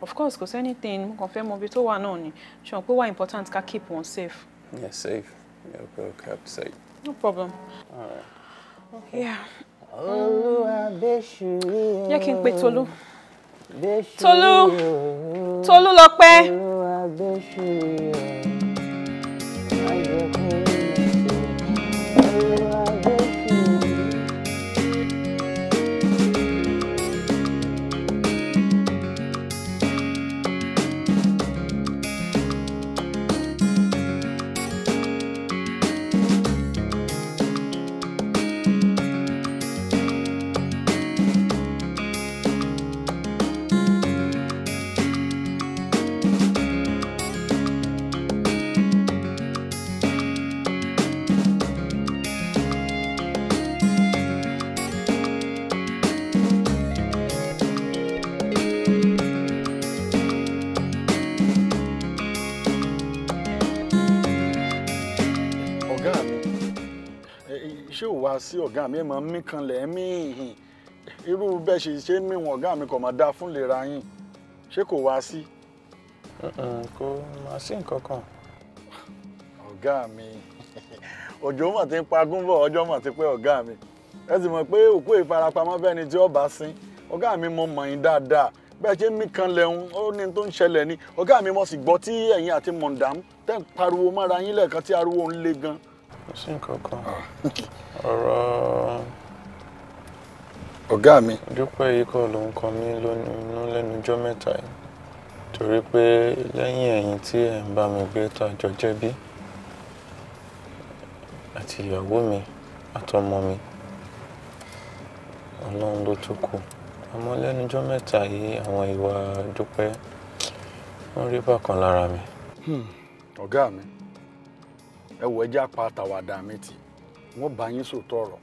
of course kò sí anything mo kàn fẹ́ mọ ibi tó wà náà ni ṣùgbọ́n pé wà important ká keep one safe. yes yeah, safe. Yeah, go cup sake. No problem. All right. Okay. Yeah. Olúwa bẹ́ṣùrú. Jẹ́ kí n pe Tolú. Tolú. Tolú lọ pẹ́. Olúwa bẹ́ṣùrú. Má jẹ́ kó. ṣé ò wá sí ọ̀gá mi mọ̀ mí kanlẹ̀ mí ìhìn irú bẹ́ẹ̀ ṣe ṣe mí wọn ọ̀gá mi kò mọ̀ dá fún lera yín ṣé kò wá sí. kò má sí nǹkan kan. ọ̀gá mi ọjọ́ mọ̀ ti ń pagún bọ̀ ọjọ́ mọ̀ ti pẹ́ ọ̀gá mi ẹ sì mọ̀ pé òkú ìfarapamọ́ bẹ́ẹ̀ ni tí ọba sin ọ̀gá mi mo mọ̀ yín dáadáa bẹ́ẹ̀ ṣe mí kan lẹ́hún ó ní tó ń ṣẹlẹ̀ ni ọ̀gá mi mo sì gbọ́ tí ẹ̀yin àti mọ̀ndàm tẹ́ ń pariwo mọ́ra yín lẹ́ẹ̀kan tí ariwo ń le gan-an kò sí nǹkan kan ah. ọ̀rọ̀ ọ̀gá mi dúpẹ́ yìí kọ́ ló ń kan mí lónú lẹ́nu ọjọ́ mẹ́ta yìí torí pé lẹ́yìn ẹ̀yìn tí ẹ̀ ń bá mi gbé tó àjọ jẹ́bí àti ìyàwó mi àtọmọ mi ọlọ́run ló tún kù àmọ́ lẹ́nu ọjọ́ mẹ́ta yìí àwọn ìwà dúpẹ́ wọ́n rí bákan lára mi. Hmm. ọ̀gá mi. Hmm. ẹ wọ ẹjẹ apá àtàwàdà mi tì wọ́n bá yín sòótọ́ ọ̀rọ̀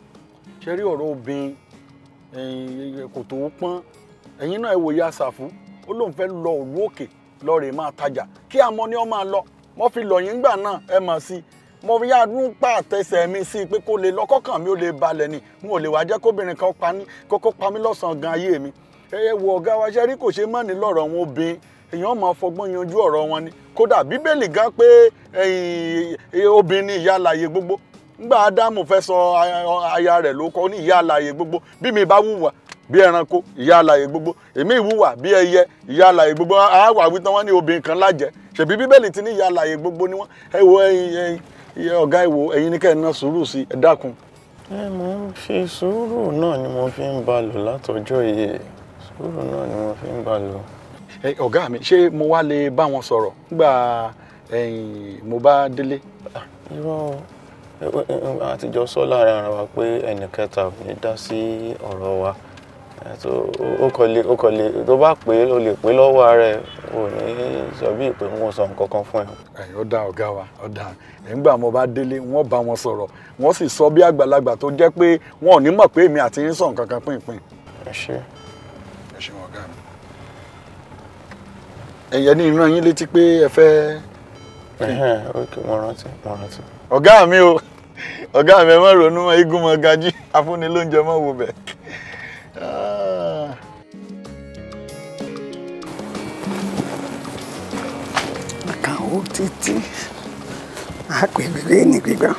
ṣe rí ọrọ obìnrin kò pọn pọ́n náà ẹ wòye àṣàfù ó lóun lọ òwú òkè máa tajà kí ni máa lọ mo fi lọ̀ gbà náà ẹ sí i mo fi dún pa mi sí i pé kó lè mi lè balẹ̀ ni n ò lè wá jẹ́ kan pa mí lọ́sàn-án gan mi ẹ ọ̀gá wa ṣe rí kò ṣe mọ́ lọ́rọ̀ wọn obìnrin èèyàn máa fọgbọ́n yanjú ọ̀rọ̀ wọn ni kódà bíbélì gan pé obìnrin ìyá àlàyé gbogbo ngbà ádámù fẹ́ sọ aya rẹ̀ ló kọ́ ní ìyá àlàyé gbogbo bí mi bá wùwà bí ẹranko ìyá àlàyé gbogbo èmi ìwùwà bí ẹyẹ ìyá àlàyé gbogbo àwà wí tán wọn ní obìnrin kan lájẹ ṣèbí bíbélì ti ní ìyá àlàyé gbogbo ni wọn ẹ wo ọ̀gá ìwò ẹ̀yin ní kẹ́ẹ̀ ná sùúrù sí ẹ dákun. ẹ mo ń ṣe sùúrù náà ni mo fi ń balò látọjọ́ yìí sùúrù náà ni mo fi ń balò. ọ̀gá mi ṣé mo wá lè bá wọn sọ̀rọ̀ nígbà mo bá délé. irọ́ àtijọ́ sọ láàrin ara wa pé ẹnì kẹta ò ní dá sí ọ̀rọ̀ wa o kọ lè ó kọ lè tó bá pè é ó lè pè é lọ́wọ́ ara ẹ̀ ò ní sọ bí ìpè wọn sọ nǹkan kan fún ẹ. ó dá ọ̀gá wa ó dá mo bá délé wọ́n bá wọn sọ̀rọ̀ wọ́n sì sọ bí àgbàlagbà tó jẹ́ pé wọn ò ní mọ̀ pé èmi àti yín sọ nǹkan kan pínpín. ẹ ṣe. ẹ̀yẹ ní ìran yín létí pé ẹ fẹ́. mo rántí ọ̀gá mi o ọ̀gá mi ẹ má ronú mọ́ igun mọ́ gají afúnilóúnjẹ mọ́ wo bẹ̀. àkàwọ̀ títí ní gbígbà.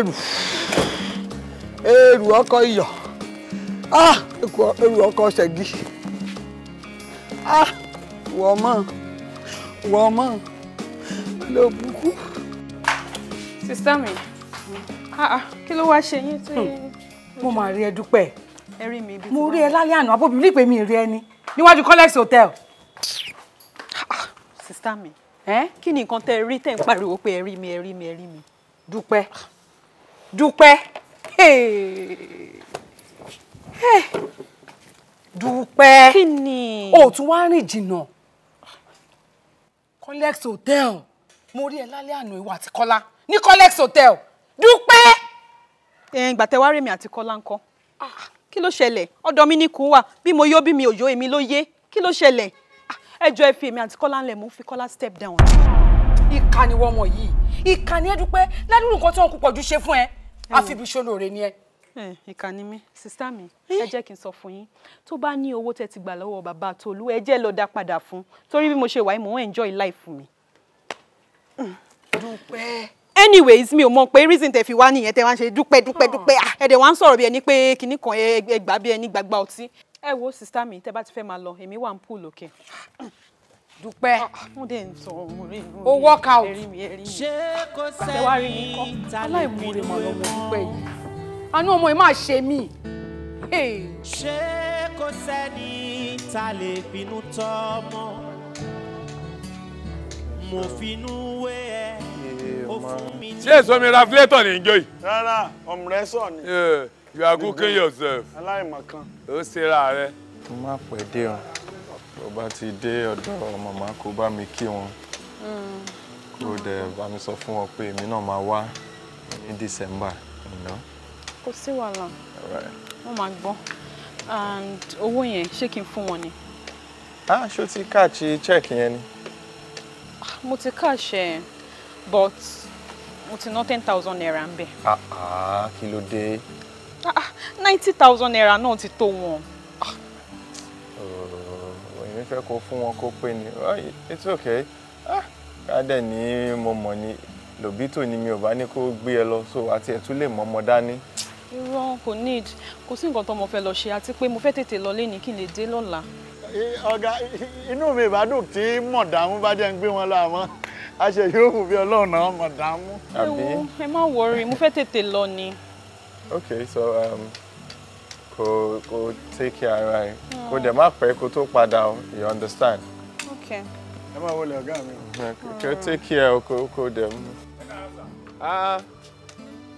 èrù èrù ọkọ iyọ̀ èrù ah, ọkọ ṣẹ̀gí ah, wọ́n mọ̀ wọ́n mọ̀ ló bukú. sista mi ah, kí ló wáá ṣe yín tí. Hmm. mo máa rí ẹ dúpẹ́ mo rí ẹ lálẹ́ àná abóbi mi pé mi rí ẹ ní níwájú Collect Hotel. sista mi kí ni nǹkan tẹ́ rí tẹ́ ń pariwo pé ẹ rí mi ẹ rí mi ẹ rí mi. dúpẹ́ dúpẹ́ dúpẹ́ kí ni o tún wá rìn jìnnà colex hotel mo rí ẹ lálẹ́ àná ìwà àti kọ́lá ní colex hotel dúpẹ́. ìgbà tẹ wá rí mi àti kọ́lá ńkọ́ ah, kí ló ṣẹlẹ̀ ọ̀dọ̀ mi ni kò wà bí mo yó bí mi ò yó èmi ló yé kí ló ṣẹlẹ̀ ah, ẹjọ́ ẹ fi èmi àti kọ́lá ńlẹ̀ mò fi kọ́lá step down. ìkànnì wọ́n wọ̀nyí ìkànnì ẹ dúpẹ́ ládùúgbò nǹkan tí wọn kò pọ̀jù ṣe fún ẹ àfibí ṣolóore ni e. ẹ. ìkà ni mí sísá mi eh? ẹ jẹ́ kí n sọ fún yín tó bá ní owó tẹ́ ti gbà lọ́wọ́ bàbá Tolú ẹ jẹ́ lọ́ọ́ dá padà fún torí bí mo ṣe wà yìí mò ń enjoy life mi. dúpẹ́. anyways mi ò mọ pé reason tẹ́ fi wá nìyẹn tẹ́ wá ń ṣe dúpẹ́ dúpẹ́ hmm. dúpẹ́ ah, ẹ dẹ̀ wá ń sọ̀rọ̀ bí ẹni pé kinní kan ẹ gbà bí ẹni gbàgbà ọtí. ẹ wo sísá mi tẹ́ bá ti fẹ́ máa lọ èmi wà ń pool òkè. (coughs) dúpẹ́. Ah, mo work out ṣé kò sẹ́yìn aláìmoore mà lọ́mọ dúpẹ́ yìí àánú ọmọ ẹ máa ṣe mí. ṣé kò sẹ́ni ta lè finú tọ́ ọmọ mo finú wé ẹ ó fún mi ní. ṣé èso mi ra fúlẹ́tọ̀ ní ìjọ yìí. rárá ọmọrẹ́sọ̀ ni. you are cooking yourself. aláìmọ̀kan. ó ṣe ra rẹ. mo máa pẹ̀ dé o tó bá ti dé ọ̀dọ̀ màmá kó bá mi kí wọn hmm. kó dẹ̀ bá mi sọ fún wọn pé èmi náà máa wá ní December. kò sí wàhálà wọ́n máa gbọ́ and owó yẹn ṣé kí n fún wọn ni. ah ṣó ti káàchì check yẹn ni. mo ti káàṣẹ but mo ti ná ten thousand naira ń bẹ. ah ah kí ló dé. ah, ah ninety thousand naira náà ti tó wọn fẹ́ kó fún wọn kó pé ni it's okay ah kádẹ ní mo mọ̀ ni lòbítò ni mi ò bá ní kó gbé ẹ lọ so àti ẹ tún lè mọ ọmọ dání. irọ́ kò need kò sí nǹkan tó mo fẹ́ lọ ṣe àti pé mo fẹ́ tètè lọ lé ní kí n lè dé lọ́la. ọ̀gá inú mi ìbádùn tí mọ̀dàmú bá jẹ́ ń gbé wọn lọ àmọ́ àṣẹ yóò wù bí ọlọ́run náà mọ̀dàmú. ẹ wo ẹ má wọrí mo fẹ́ tètè lọ ni. okay so um, kó kó take care ara ẹ kó dẹ̀ má pẹ́ kó tó padà o you understand. okay. ẹ máa wọlé ọ̀gá mi. kí o take care o kó kó ah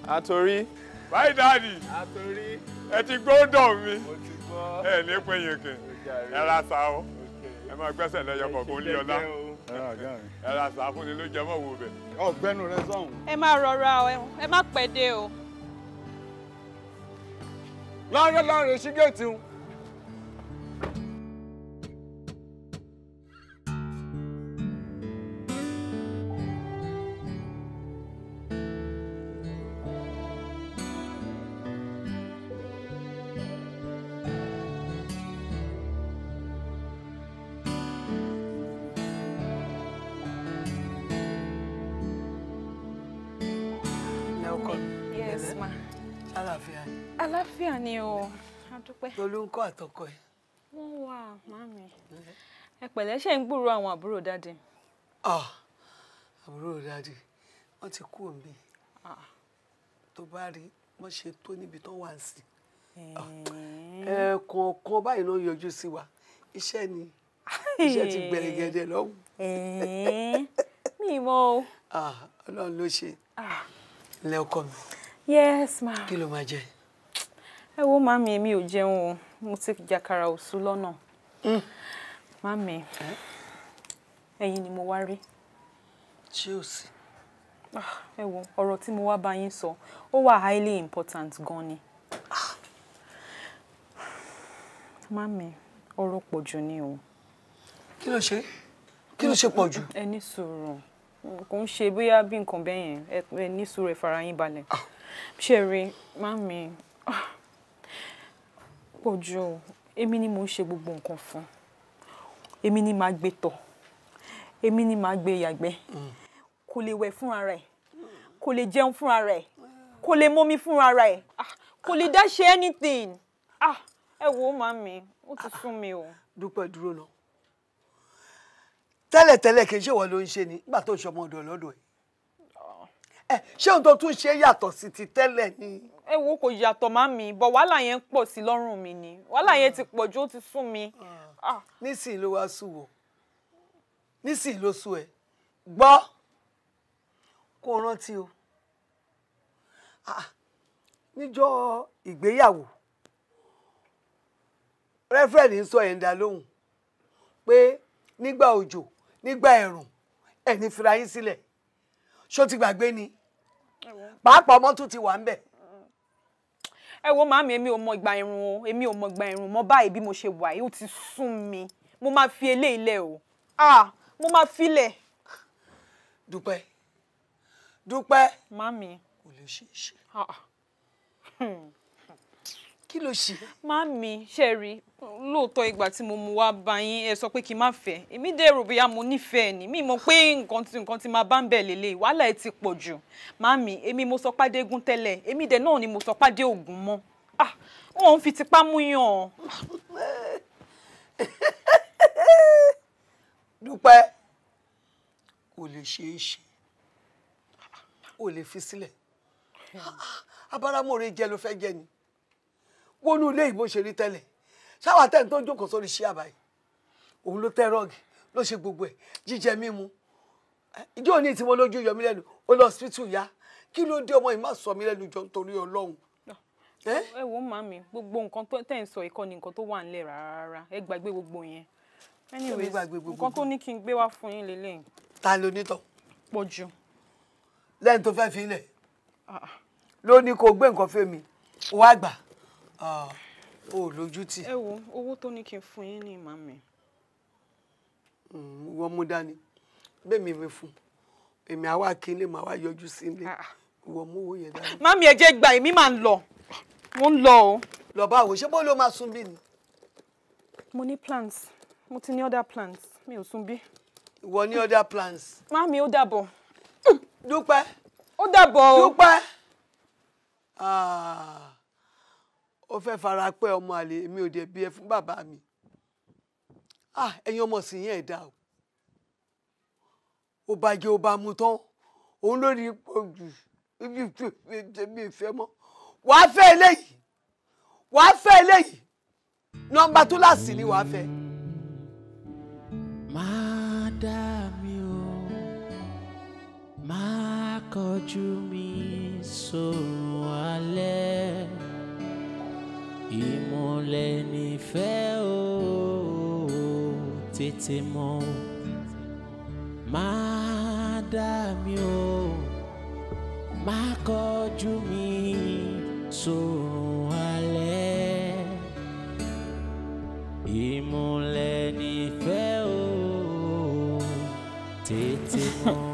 Atori. Bye, Daddy. Atori. ẹ ti gbọ́ dọ̀ mi. mo ti gbọ́. ẹ ní pé yèké ẹ ra sa o ẹ máa gbẹ́sẹ̀ lẹ́yọ kọ̀ọ̀kan lé ọlá ẹ ra sa fún ni ló jẹ mọ́ wo bẹ̀. ọgbẹ́nu rẹ sọ̀hún. ẹ má rọra o ẹ má pẹ́ o láńrẹ́ láńrẹ́ sí géètì ni o adúpẹ́. tolú ń kọ́ àtọkọ ẹ. wọ́n wà màmí ẹ pẹ̀lẹ́ ṣe ń gbúròó àwọn àbúrò dáàdì. àbúrò dáàdì wọ́n ti kú òǹbí tó bá rí wọ́n ṣe tó níbi tó wà sí ẹ̀ẹ̀kọ̀ọ̀kan báyìí ló yọjú sí wa iṣẹ́ ni iṣẹ́ ti gbẹ̀rẹ̀gẹ̀dẹ̀ lọ́wọ́. mi mọ o. ọlọ́run ló ṣe ilé ọkọ mi. yes ma. kí ló máa ẹ wo màmí èmi ò jẹun o mo ti jàkàrà òsú lọ́nà mm. màmí ẹ̀yin ni mo wá rí. ṣé o sì. Ah, ẹ wo ọ̀rọ̀ tí mo wá bá yín sọ o wà highly important gan ni. Ah. màmí ọ̀rọ̀ pọ̀ jù ni o. kí ló ṣe kí ló ṣe pọ̀ jù. ẹ ní sùúrù kò ń ṣe bóyá bí nǹkan bẹ́ẹ̀ yẹn ẹ ní sùúrù ẹ fara yín balẹ̀ ah. ṣe pọ̀ jù o èmi ni mò ń ṣe gbogbo nǹkan fún èmi ni màá gbé tọ̀ èmi ni màá gbé yàgbẹ́ kò lè wẹ̀ fúnra rẹ̀ kò lè jẹun fúnra rẹ̀ kò lè mọ́mí fúnra rẹ̀ ah, kò lè dá ṣe anything ah, ẹ wo màmí ó ti sún mi o. dúpẹ́ dúró lọ tẹ́lẹ̀tẹ́lẹ̀ kì í ṣèwọ ló ń ṣe ni nígbà tó ń ṣọmọ ọ̀dọ̀ lọ́dọ̀ ẹ̀ ah. ṣé ohun tó tún ṣe yàtọ̀ sí ti tẹ́lẹ̀ ni ẹ wo kò yàtọ̀ má mi bọ̀ wàhálà yẹn pọ̀ sí lọ́rùn mi ni wàhálà yẹn ti mm. pọ̀ ju ó ti sún mi. Ah. Ah. nísìnyí ló wá sùn wò nísìnyí ló sùn ẹ gbọ́ kó rántí o ah. níjọ́ ìgbéyàwó rẹ́fẹ̀rì ń sọ ẹ̀ ń dá lóhùn pé nígbà òjò nígbà ẹ̀rùn ẹ̀ ní fira yín sílẹ̀ ṣó ti gbàgbé ni pàápàá ọmọ tún ti wà ń bẹ̀ ẹ wo màmí èmi ò mọ ìgbà irun o èmi ò mọ ìgbà irun mọ báyìí bí mo ṣe wà yìí ó ti sún mi mo máa fi eléyìí lẹ̀ o ah mo máa filẹ̀. dúpẹ́ dúpẹ́. màmí. kò lè ṣe é ṣe. Hmm. kí ló ṣe. màmí ṣe rí lóòótọ́ ìgbà tí mo mú wá bá yín ẹ sọ pé kí n má fẹ́ èmi dẹ̀ rò bóyá mo nífẹ̀ẹ́ ni mi mọ̀ pé nǹkan tí nǹkan tí máa bá ń bẹ̀ lélẹ̀ wàhálà ẹ ti pọ̀ jù màmí èmi mo sọ pàdé egun tẹ́lẹ̀ èmi dẹ̀ náà ni mo sọ pàdé ògùn mọ́ ah wọn ò fi tipá mú yàn. dúpẹ́ kò lè ṣeé ṣe ò lè fi sílẹ̀ abáramọ̀rẹ́ jẹ ló fẹ́ jẹ ni wọnú ilé ìbò ṣe rí tẹ́lẹ̀ ṣáwa tẹ̀ ń tó jókòó sórí ṣí àbáyé òun ló tẹ́ rọ́ọ̀gì ló ṣe gbogbo ẹ̀ jíjẹ mímu ìjọ ní ìtìmọ́ lójú yọ lẹ́nu ó lọ hospital ya kí ló dé ọmọ yìí má sọ mí lẹ́nu jọ nítorí ọlọ́run. ẹ wo màmí gbogbo nǹkan tẹ́ ń sọ ìkọ́ni nǹkan tó wà ńlẹ̀ rárá ẹ gbàgbé gbogbo yẹn nǹkan tó ní kí n gbé wá fún yín lélẹ̀. ta ló ní tọ. pọ̀ jù. lẹ́yìn tó fẹ́ fi ilẹ̀ ah, ah. ló ní gbé nǹkan fẹ́ mi wá gbà. Ah o lójú tì. ẹ wo owó tó ní kí n fún yín ní ìmọ̀ mi. Mm, ìwọ mú dání bẹ́ẹ̀ mi mi fún èmi àwa kí n lè wá yọjú sí ilé ah, ah. ìwọ mú owó yẹn dání. mami ẹ gbà èmi máa ń lọ mo ń lọ o. lọ bá wo ṣé bó ló máa sun bí ni. mo ní plans mo ti ní other plans mi ò sun bí. ìwọ ní other plans. mami ó dàbọ̀. dúpẹ́. ó dàbọ̀ o. dúpẹ́. Ah ó fẹ́ fara pẹ́ ọmọ àlè èmi ò dẹ̀ bí ẹ fún bàbá mi ah ẹ̀yin ọmọ sì yẹn ẹ̀dá o ó bá jẹ́ ó bá mu tán òun ló ní ipò jù ibi tó mi ìfẹ́ mọ́ wàá fẹ́ eléyìí wàá fẹ́ eléyìí nọ́mbà tó láàsì ni wàá fẹ́. máa dá mi o máa kọjú mi sóòrùn alẹ́ lẹ nífẹ̀ o tètè mọ̀ má dá mi o má mi sòrùn alẹ́ ìmùlẹ̀ nífẹ̀ o tètè mọ̀.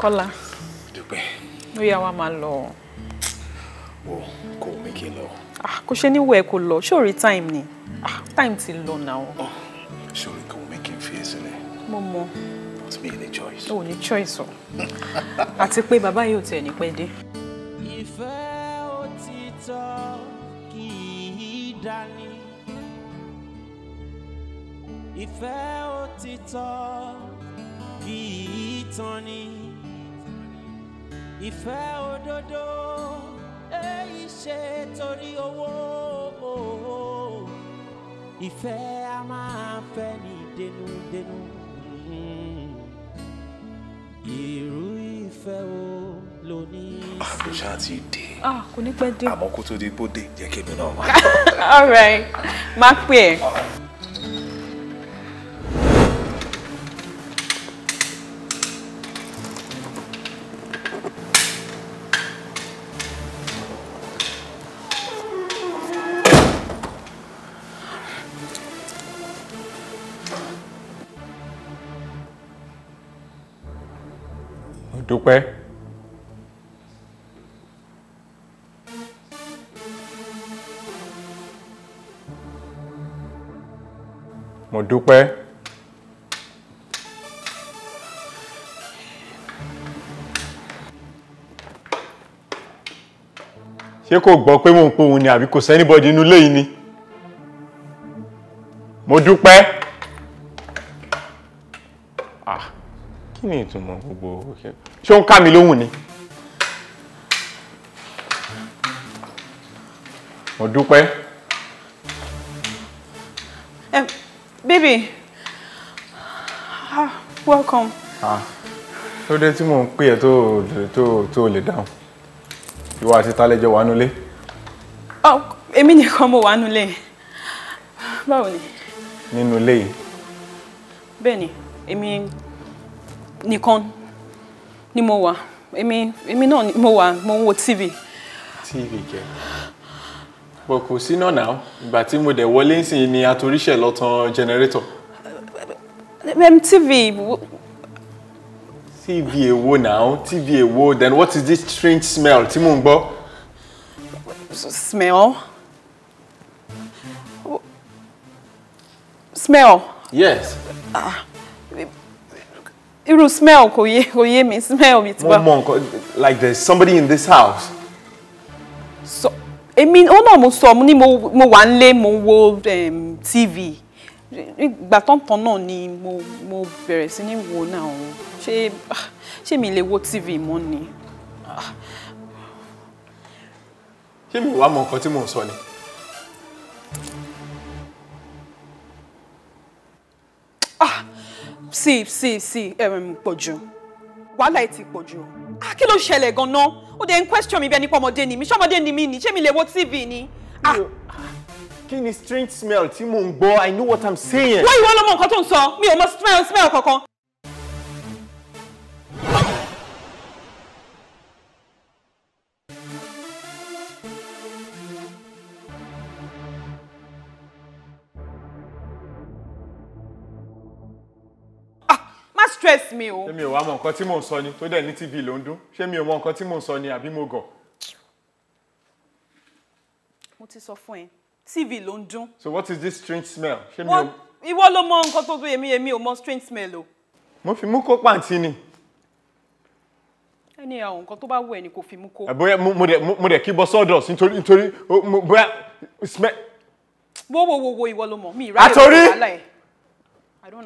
Kọ́lá dúpẹ́ ó yá wa máa lọ. o kò mí kí n lọ. Ah, kò ṣe ní wẹ́ẹ̀ kò lọ ṣòrí time ni ah, time ti lọ náà. ṣòrí kò mú kí n fi ẹsẹ̀ rẹ̀. mo mọ. but mi ò choice. o ò ní choice o àti pé bàbá yóò tẹ̀ ní pẹ́ dé. ìfẹ́ òtítọ́ kì í dání ìfẹ́ òtítọ́ kì í tán ni ìfẹ́ òdodo èyí ṣe torí owó ìfẹ́ a máa fẹ́ ní dénúdénú irú ìfẹ́ o ló ní í ah, ti dé. Ah, kò ní pẹ́ dé. àmọ́ kó tó di bó dé jẹ́ kí èmi náà wá. (laughs) all right máa pè é. pẹ́. mo dúpẹ́. ṣé kò gbọ́ pé mò ń pohùn ni àbí kò sẹ́nibọ́dì inú ilé yìí ni mo dúpẹ́. ah kí ni ìtumọ̀ gbogbo òkè. Okay ṣé ó ń ká mi lóhùn ni. mo dúpẹ́. ẹ bébì ah welcome. ah tó dé tí mò ń pè ẹ́ tó tó tó lè dáhùn ìwọ àti talẹ́jọ wà nulẹ̀. ọ oh, èmi nìkan mo wà nulẹ̀ báwo ni. nínú ilé yìí. bẹ́ẹ̀ èmi nìkan ni mo wà èmi èmi náà ni mo wà mo ń wo tv. tv kẹ bọ kò sí náà náà ìgbà tí mo dẹ̀ wọlé ń sìn ni atoríṣẹ́ lọ́tàn jẹnẹrétọ̀. tv. tv èwo now, tv èwo then what is this strange smell tí mò ń gbọ́. smell. smell. yes. Uh, irú smell kò yé kò yé mi smell mi ti bá. mo mọ nǹkan like there's somebody in this house. so èmi ó náà mo sọ ni mo mo wà ń mo wo tv ìgbà tọ̀ntàn náà ni mo mo bẹ̀rẹ̀ sí ní wo náà ṣé ah, ṣé mi le wo tv mọ́ ni. Ah. ṣé mi wàá mọ nǹkan tí mò ń sọ ni. sí sí sí eh, mm, pọ̀ wàhálà yìí ti pọ̀ ah kí ló ṣẹlẹ̀ gan-an ó dẹ̀ ń question mi bẹ́ẹ̀ nípa ọmọdé ni mi ṣọmọdé ni mi ni ṣé mi lè wo tv ni. Ah. kí ni strange smell tí mò ń gbọ́ i know what i'm saying. wọ́n ìwọ ló mọ nǹkan tó ń sọ mi ò mọ smell smell kankan stress mi o. èmi ò wá mọ nǹkan tí mò ń sọ ni tó dẹ̀ ní tv ló ṣé mi ò mọ nǹkan tí mò ń sọ ni àbí mo gọ̀. mo ti sọ fún ẹ tv ló so what is this strange smell. ṣé mi ò. ìwọ ló mọ nǹkan tó dún èmi ò mọ strange smell o. mo fi mú kó pàǹtí ni. ẹni àwọn nǹkan tó bá wù ẹ ni kò fi mú kó. bóyá mo dẹ̀ kí bọ́ sawdust nítorí nítorí bóyá smell. wo wo wo ìwọ ló mọ mi ìráyè wà wàhálà ẹ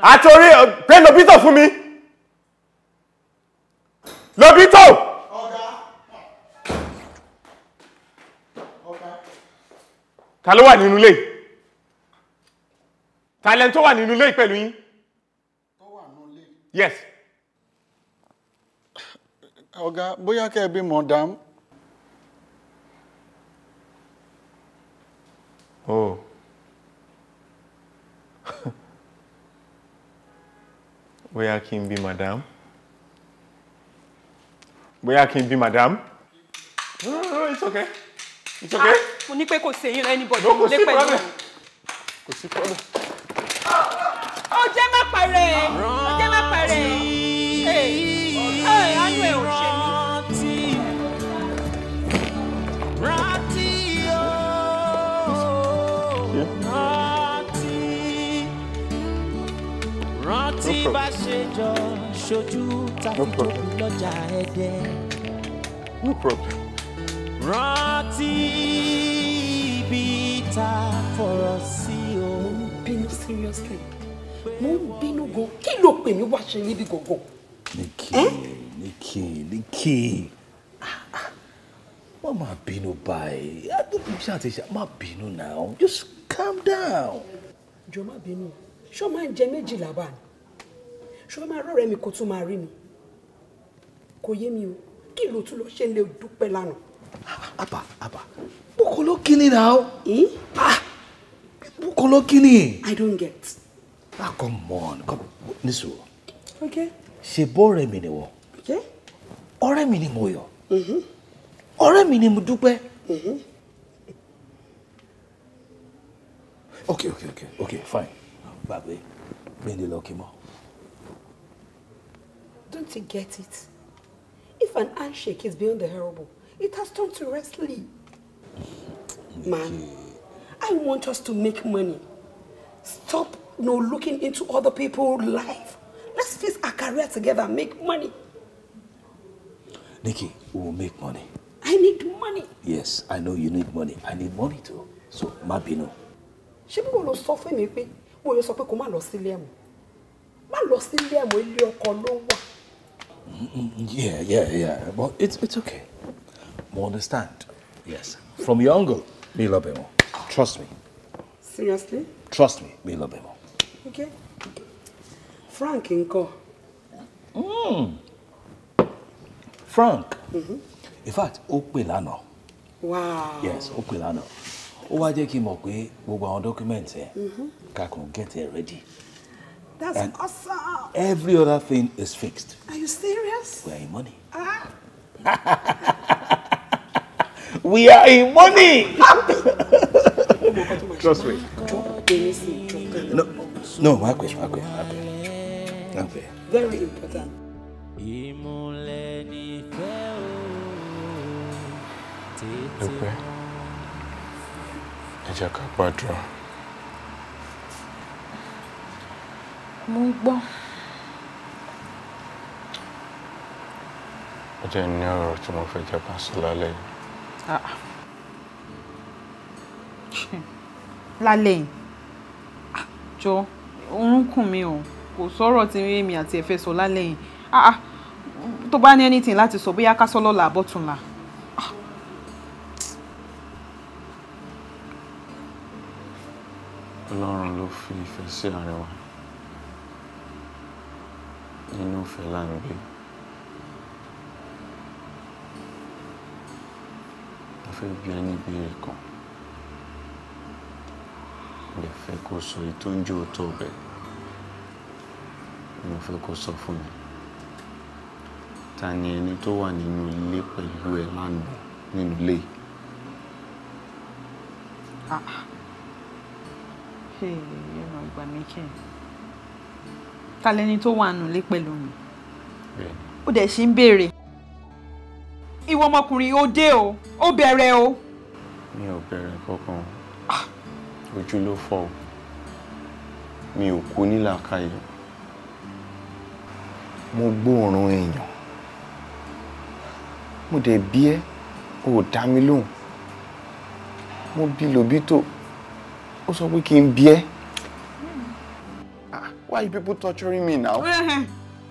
àtòrí pé lọ bítọ̀ fún mi. Lobito. tó. ta ló wà nínú ilé ta lẹ́ni tó wà nínú ilé pẹ̀lú yín. yes. ọ̀gá bóyá kẹ́ ẹ bí mọ̀dám. oh. (laughs) bóyá kí n bí mọ̀dám bóyá kí n bí madam. no no no it's okay it's okay. Ah, mo ní pé kò sí eyín lẹ́ni bọ̀dọ̀ mo lé pẹ̀lú. kò sí problem. ó jẹ́ má parẹ́ ẹ̀. No problem. No problem. Rántí ibi tá a fọ̀rọ̀ sí o. Mo ń bínú seriously. Mo ń bínú gan. Kí ló pè mí wá ṣe níbi gọ̀gọ̀? Nìkì, Nìkì, Nìkì. Má máa bínú báyìí. Adébí ṣáà ti ṣá má bínú now. Just calm down. Jọ má bínú. Ṣé o máa ń jẹ méjìlá báyìí? Ṣé o máa rọ̀rẹ́ mi kó tún máa rí mi? kò yé mi o kí ló tún lọ ṣe lè dúpẹ́ lánàá. àbà àbà bókò ló kí ni náà. Hmm? Ah! bókò ló kí ni. i don't get. ah come on come nisoro. okay. ṣe bọ́ọ̀rẹ́ mi ni wọ. okay. ọ̀rẹ́ mi ni mo yọ. Mm-hmm. ọ̀rẹ́ mi ni mo dúpẹ́. Mm-hmm. okay okay okay okay fine gbàgbé gbẹ̀ndé lọ kí mọ́. don't you get it. If an handshake is beyond the horrible, it has turned to wrestling. Man, I want us to make money. Stop you know, looking into other people's life. Let's fix our career together and make money. Nikki, we will make money. I need money. Yes, I know you need money. I need money too. So, má bínú. Ṣé bí wọ́n lọ sọ fún mi pé wọ́n lọ sọ pé kó má lọ sílé ẹ̀wọ̀n? Má lọ sílé ẹ̀wọ̀n ilé ọkọ ló wà. Yeah, yeah, yeah. Well, it's, it's okay. We understand. Yes. From your uncle, me love him. Trust me. Seriously? Trust me, me love him. Okay. Frank inko. Mm. Frank. Mm-hmm. In fact, ó pè Wow. Yes, ó pè lánàá. Ó wá jẹ́ kí n mọ̀ pé gbogbo àwọn dọ́kúmẹ̀ntì ẹ̀ mm-hmm. get it ready. That's and awesome. Every other thing is fixed. Are you serious? We are in money. Ah. (laughs) we are in money. Trust me. No, no, Makwe, Makwe, Makwe. Makwe. Very important. Okay. ẹ jẹ́ ká gbàdúrà. Mo ń gbọ́. Ó jẹ́ ní ọ̀rọ̀ tí mo fẹ́ jẹ́ bá sí lálẹ́ yìí. Ah. Lálẹ́ yìí? Ah, jọ, orúnkún mi o, kò sọ̀rọ̀ tí èmi àti ẹ sọ lálẹ́ yìí. Ah, Tó bá ní anything láti sọ bóyá ká sọ lọ́la àbọ̀túnla. Ọlọ́run ló fi ìfẹ́ sí àárín wa inú ìfẹ́ là ń gbé a fẹ́ bí a ní ìbéèrè kan lè fẹ́ kó sọ èyí tó ń jẹ́ òótọ́ ọbẹ̀ mo fẹ́ kó sọ fún mi ta ni ẹni tó wà nínú ilé pẹ̀lú ẹ lánàá nínú ilé ah, ah. yìí. ẹ máa gbà ta lẹni tó wà nù lé pẹ̀lú mi ó dẹ̀ ṣì ń béèrè ìwọ ọmọkùnrin ó dé o ó bẹ̀rẹ̀ o. mi ò bẹ̀rẹ̀ kankan ojú ló fọ́ o mi ò kú nílàkàyè mo gbóòórùn èèyàn mo dẹ̀ bí ẹ́ o ò dá mi lóhùn mo bí lòbí tó ó sọ pé kí n bí ẹ́. Why are you people torturing me now?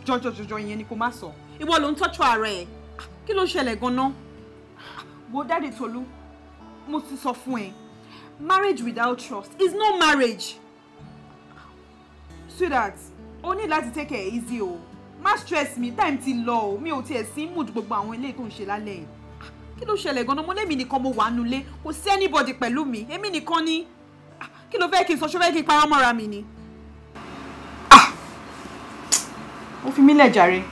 Jọjọjọjọ ìyẹn ni kò má sọ. Ìwọ ló ń tọ́jú ara ẹ̀. Ah, kí ló ṣẹlẹ̀ gan-an? Wo dáde Tolú, mo ti sọ fún ẹ. Marriage without trust is no marriage. Sweetheart, o ní láti take it easy o. Má stress me. time ti lọ o. Mi ò tiẹ̀ sí mood gbogbo àwọn eléyìí tó ń ṣe lálẹ́ yìí. Ah, kí ló ṣẹlẹ̀ gan-an? Mo lémi nìkan mo wà nulẹ̀. Kò sí anybody pẹ̀lú mi. Èmi nìkan ni. Ah, kí ló fẹ́ kí n sọ? Ṣé fẹ́ kí n parọ́ mọ́ra mi ni? ó fi mí lẹ̀ jàre.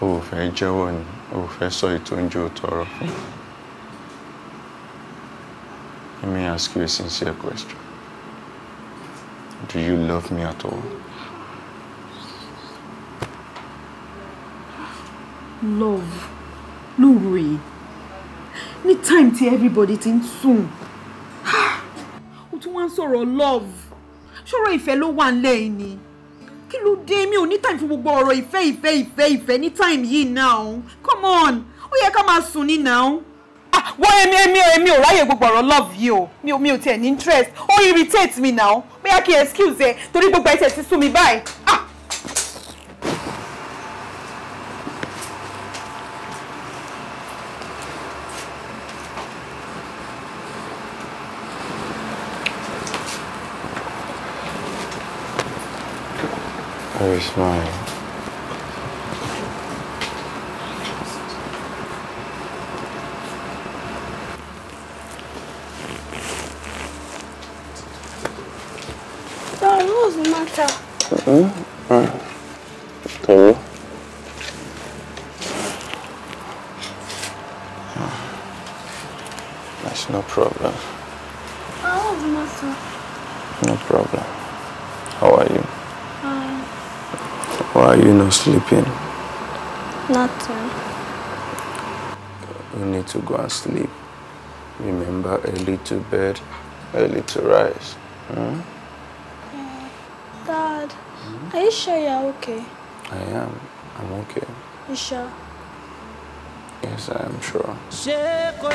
o ò fẹ́ jẹ́wọ́ ni o ò fẹ́ sọ ètò tọrọ fún. Let me ask you a sincere question. Do you love me at all? Love. Lóru yìí. Ní time tí everybody ti ń sùn. Ó tún wá ń sọ̀rọ̀ love. Ṣọ́rọ̀ ìfẹ́ ló wà ń lẹ́yìn ni kí ló dé mi ò ní time fún gbogbo ọ̀rọ̀ ìfẹ́ ìfẹ́ ìfẹ́ ìfẹ́ ní time yìí now come on ó yẹ ká máa sùn ní now. Ah, wọ́n èmi èmi èmi ò ráyè gbogbo ọ̀rọ̀ love yìí o mi ò mi ò tiẹ̀ ní interest ó irritate me now bóyá kí excuse ẹ torí gbogbo ẹ̀ tẹ̀ sí sún mi báyìí. Ah, very smart. and sleep. Remember early to bed, early to rise. Hmm? Dad, hmm? are you sure you're okay? I am. I'm okay. You sure? Yes, I am sure. Ṣé kò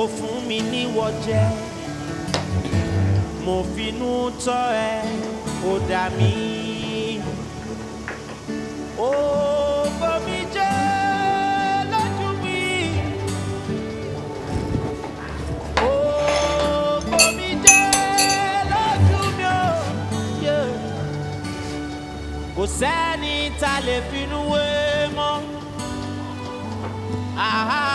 ó fún mi níwọ jẹ mo finú tọ́ ẹ ó dà mí ó bomi jẹ lójú mi ó bomi jẹ lójú mi ó kò sẹ́ni tá lè finú wé mọ́. Aha.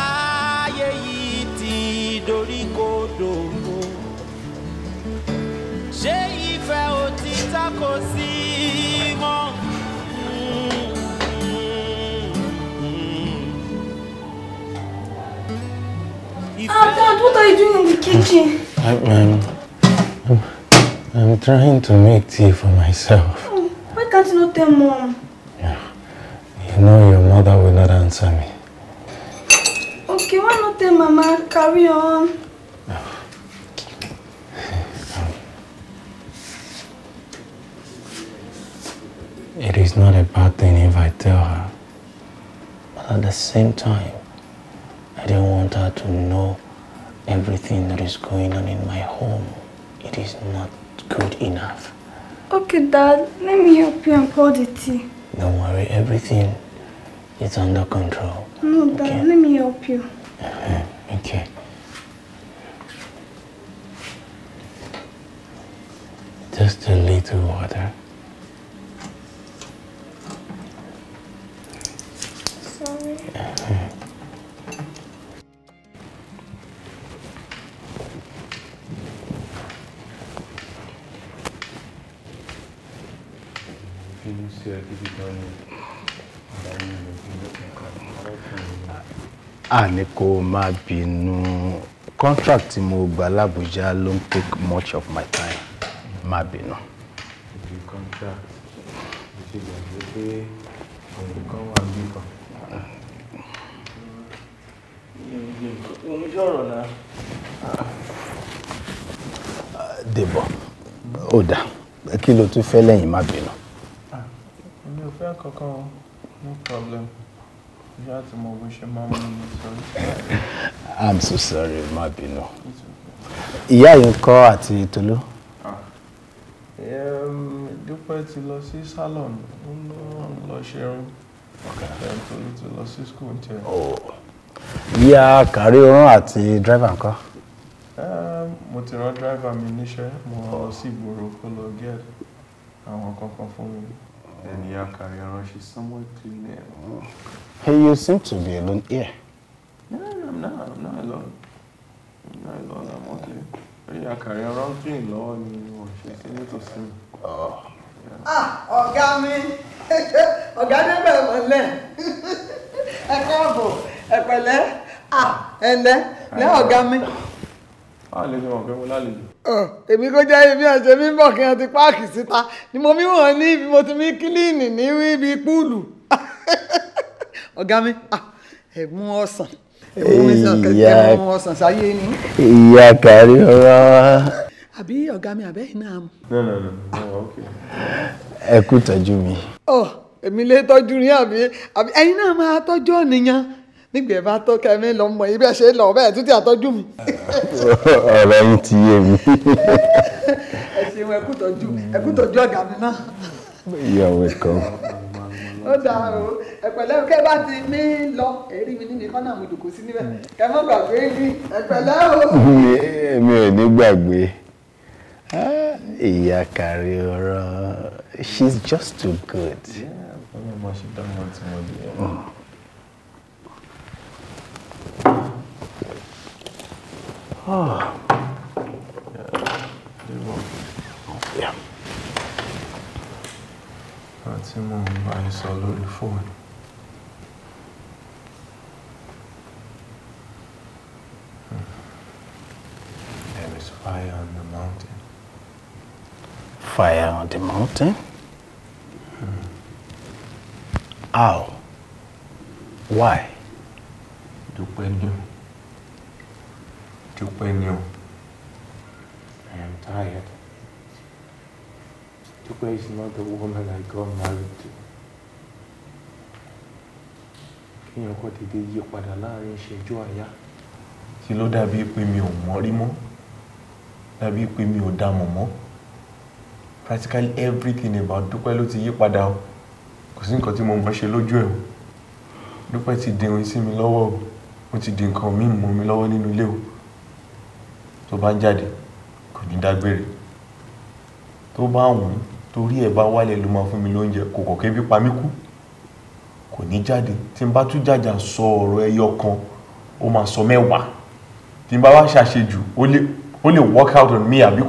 kò Ah, Dad, what are you doing in the kitchen? I'm, I'm, I'm, I'm trying to make tea for myself. Oh, why can't you not tell Mom? Yeah. You know your mother will not answer me. Okay, why not tell Mama? Carry on. it's not a bad thing if I tell her. But at the same time, I don't want her to know everything that is going on in my home. It is not good enough. Okay, Dad, let me help you and pour the tea. Don't worry, everything is under control. No, Dad, okay? let me help you. Uh -huh. Okay. Just a little water. àní kó má bínú contract tí mo gbà l'Abuja ló ń take much of my time má bínú. ìdí contract ìṣèjọba pé òun kan wà ọ̀rọ̀ náà. Dèbọ̀, ó dà, kí ló tún fẹ́ lẹ́yìn má bínú? Ah, èmi ò fẹ́ kankan o, no problem. Ìyá àti mo bó ṣe máa ń mú mi sọrí. I'm so sorry, má bínú. Ìyá yìí ń kọ́ àti Tolú. Ah, Dúpẹ́ ti lọ sí salon, ó ń lọ ṣerun. Tolú ti lọ sí school tiẹ̀. Oh yíya kàrí orun àti dráìvà ńkọ́. mo ti rán dráìvà mi níṣẹ́ mo lọ sí ìgboro kó lọ gẹ́ àwọn kankan fún mi ènìyàn kàrí orun she's somewhat clean air. hey you seem to be alone here. Yeah, I'm not, I'm not alone. I'm not alone, I'm okay. ènìyàn kàrí orun clean lọ́wọ́ ni wọ́n ṣe sí nítòsí mi. Ah, ọ̀gá mi (laughs) ọ̀gá débẹ̀ mọ́lẹ̀ (laughs) ẹ káàbọ̀. Epele a ẹ ǹlẹ́ ní ọ̀gá mi. àlejò mọ̀ pé mo lálejò. èmi kò jẹ́ ibi ọ̀sẹ̀ mi ń bọ̀ páàkì síta ni mo mí wọ̀n ní ibi mo ti mí kílíìnì ní ibi púùlù. (laughs) mi ẹ̀gbọ́n ọ̀sán ìyá kárí ọ̀rọ̀ wa. àbí ọ̀gá mi àbẹ́ iná mu. èmi lè tọ́jú ní àbí ẹ̀yin náà máa tọ́jú nígbà ẹ bá tó kẹmí lọ mọ ibi ẹ ṣe lọ bẹ́ẹ̀ tún ti àtọ́jú mi. (laughs) ọ̀rọ̀ yín ti yé mi. (laughs) ẹ ṣeun ẹ kú tọ́jú ẹ kú tọ́jú ọ̀gá mi náà. You're welcome. ó dáa o ẹ pẹ̀lẹ́ o kẹ́ bá ti mí lọ èrí mi níbi kọ́nà àwọn ìdòkó sí níbẹ̀ kẹ́ mọ́ gbàgbé mi ẹ pẹ̀lẹ́ o. (laughs) mi ò ní gbàgbé ah, ìyá kàrí ọ̀rọ̀ she's just too good. ọlọ́mọ ṣe dáhùn àti mọ̀lẹ́. Mm. Oh. Yeah. yeah. That's him on my sọ lórí There hmm. is fire on the mountain. Fire on the mountain? Hmm. How? Why? dúpẹ́ ni I am tired. Dúpẹ́ is not the woman I got married to. Kéèyàn kọ́ dédé yí padà láàrin ìṣẹ́jú àyà. Kí ló dàbí pé mi ò mọ̀ rí mọ́? Dàbí pé mi ò dààmú mọ́? Practically everything about dúpẹ́ ló ti yí padà o. Kò sí nǹkan tí mo mọ̀ ṣe lójú ẹ̀ o. Dúpẹ́ ti dìrun sí mi lọ́wọ́ o. Ó ti di nǹkan míì mọ́ mi lọ́wọ́ nínú ilé o tó bá ń jáde kò ní dágbére tó bá wù ú torí ẹ̀ bá wálé ló máa fún mi lóúnjẹ kò kọ̀kẹ́ bí pa mí kú kò ní jáde tí n bá tún jàjà sọ ọ̀rọ̀ ẹyọ kan ó máa sọ mẹ́wàá tí n bá wá ṣàṣejù ó lè work out on me àbí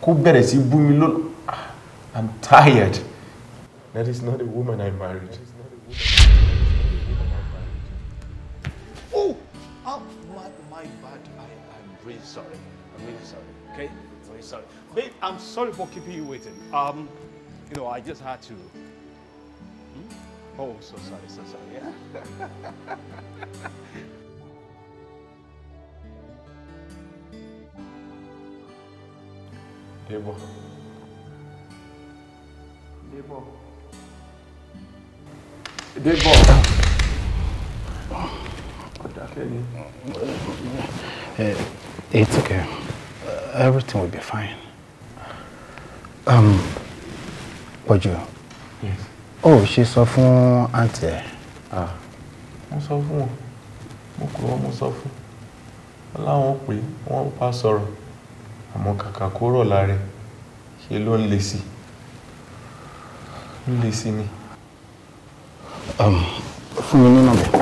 kó bẹ̀rẹ̀ sí bú mi lọ́nà ah, I'm tired. That is not the woman I married. Oh, oh my, my bad. I, I'm really sorry. i really sorry. Okay? i Really sorry. Babe, I'm sorry for keeping you waiting. Um, you know, I just had to. Hmm? Oh, so sorry, so sorry. Yeah. Debo. Debo. Debo. it's okay. everything will be fine. Um, Pọ̀jù. Yes. Oh, ṣe sọ fún àǹtí ẹ̀. Ah, mo sọ fún wọn, mo kúrò wọn mo sọ fún. Wọ́n láwọn pé wọ́n bá sọ̀rọ̀ àmọ́ kàkà kó rọ̀ lára ẹ̀ ṣe ló ń le sí i. Ń le sí ni. Um, fún mi ní nọ́mbà.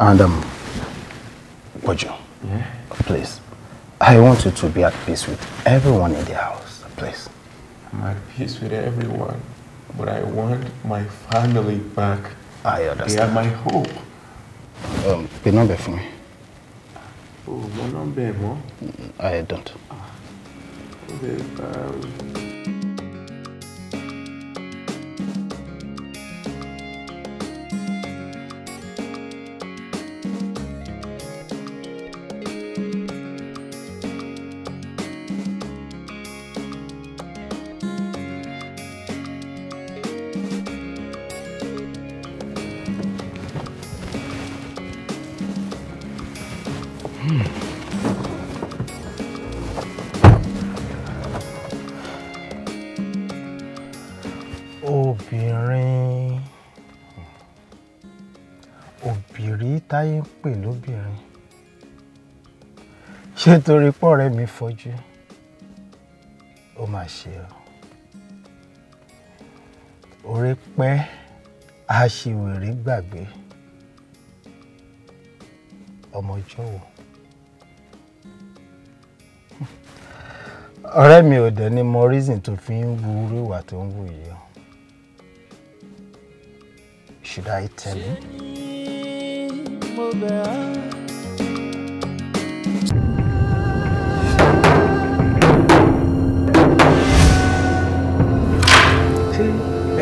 And um, Bojo, yeah? please, I want you to be at peace with everyone in the house, please. I'm at peace with everyone, but I want my family back. I understand. They are my hope. Um, the number for me. Oh, my number, I don't. Ah. Okay, um... ṣé torí pọ̀ rẹ mi fọ́jú ó mà ṣe o orí pẹ́ aṣiwèrè gbàgbé ọmọ jọ̀wọ́ ọ̀rẹ́ mi ò dẹ̀ ni mo reason tó fi ń wu irú ìwà tó ń wù yìí o should I tell you?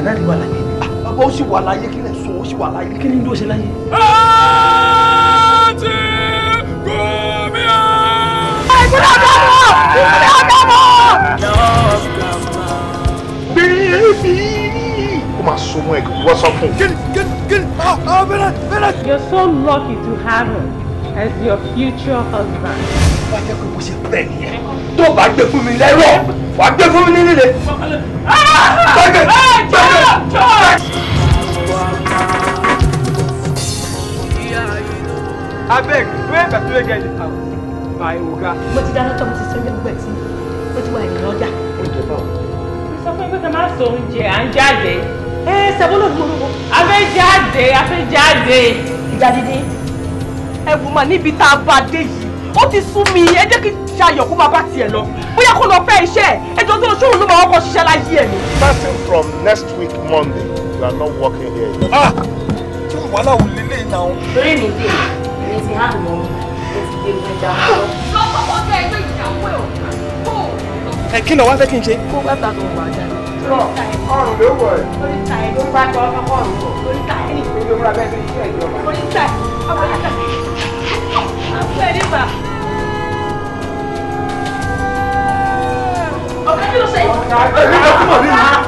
náà wà láyé. Ah, bàbá ó sì wà láyé kí lè sọ ó sì wà láyé kí ni ń dúró ṣe láyé. ẹtì gómi ọ. ìpínlẹ̀ ọ̀dọ́mọ̀ ìpínlẹ̀ ọ̀dọ́mọ̀. bẹ́ẹ̀ni ó máa sọ mọ́ ẹ̀ kí wọ́n sọ fún un. kí ni kí ni kí ni ọ ah, ọ ah, You're so lucky to have him as your future husband bá jẹ́ pé mo ṣe bẹ́ẹ̀ nìyẹn tó bá gbé fún mi lẹ́rọ̀ wàá gbé fún mi ní líle. gbẹ́gbẹ́ gbẹ́gbẹ́. abeg wey person wey get this house my oga. mo ti dáná tán mo ti sọ ilé ọgbẹ tí ó ti wà ní ọjà. oúnjẹ báwo. mo sọ fún yín pé ká má sọ oúnjẹ à ń jáde. ẹ ṣàbọ̀lọ̀ ló ló. a fẹ́ jáde a fẹ́ jáde. ìjà dídín ẹ wò mà níbi tá a bá dé yìí ó ti sú mi ẹ jẹ́ kí ṣayọ̀ kó máa bá tiẹ̀ lọ bóyá kó lọ fẹ́ iṣẹ́ ẹ̀ ẹjọ́ tó ṣòro ló máa wọ́pọ̀ ṣiṣẹ́ láyé ẹ̀ ni. starting from next week monday you are not working here. ah kí ni wàhálà òun lélẹ̀ náà. lórí mi dé mi ti hàn mọ́ mi ti dé mi jà mọ́. lọ́pọ̀ ọjọ́ ẹgbẹ́ ìyàwó ẹ̀ ò ẹ kí ló wá fẹ́ kí n ṣe. kó bá ta tó wà á jáde. ọrùn ló wọ̀ ẹ́. oríta ẹ̀ ló bá tọ́ ọkọ ọrùn wọ̀. oríta ẹ̀ ní ìpínlẹ̀ òwúrọ̀ abẹ́rẹ́ iṣẹ́ ìjọba. oríta ẹ̀ ọmọ yàtọ̀ sí. àpẹẹrẹ bá. 我这个谁？哎，这么厉害！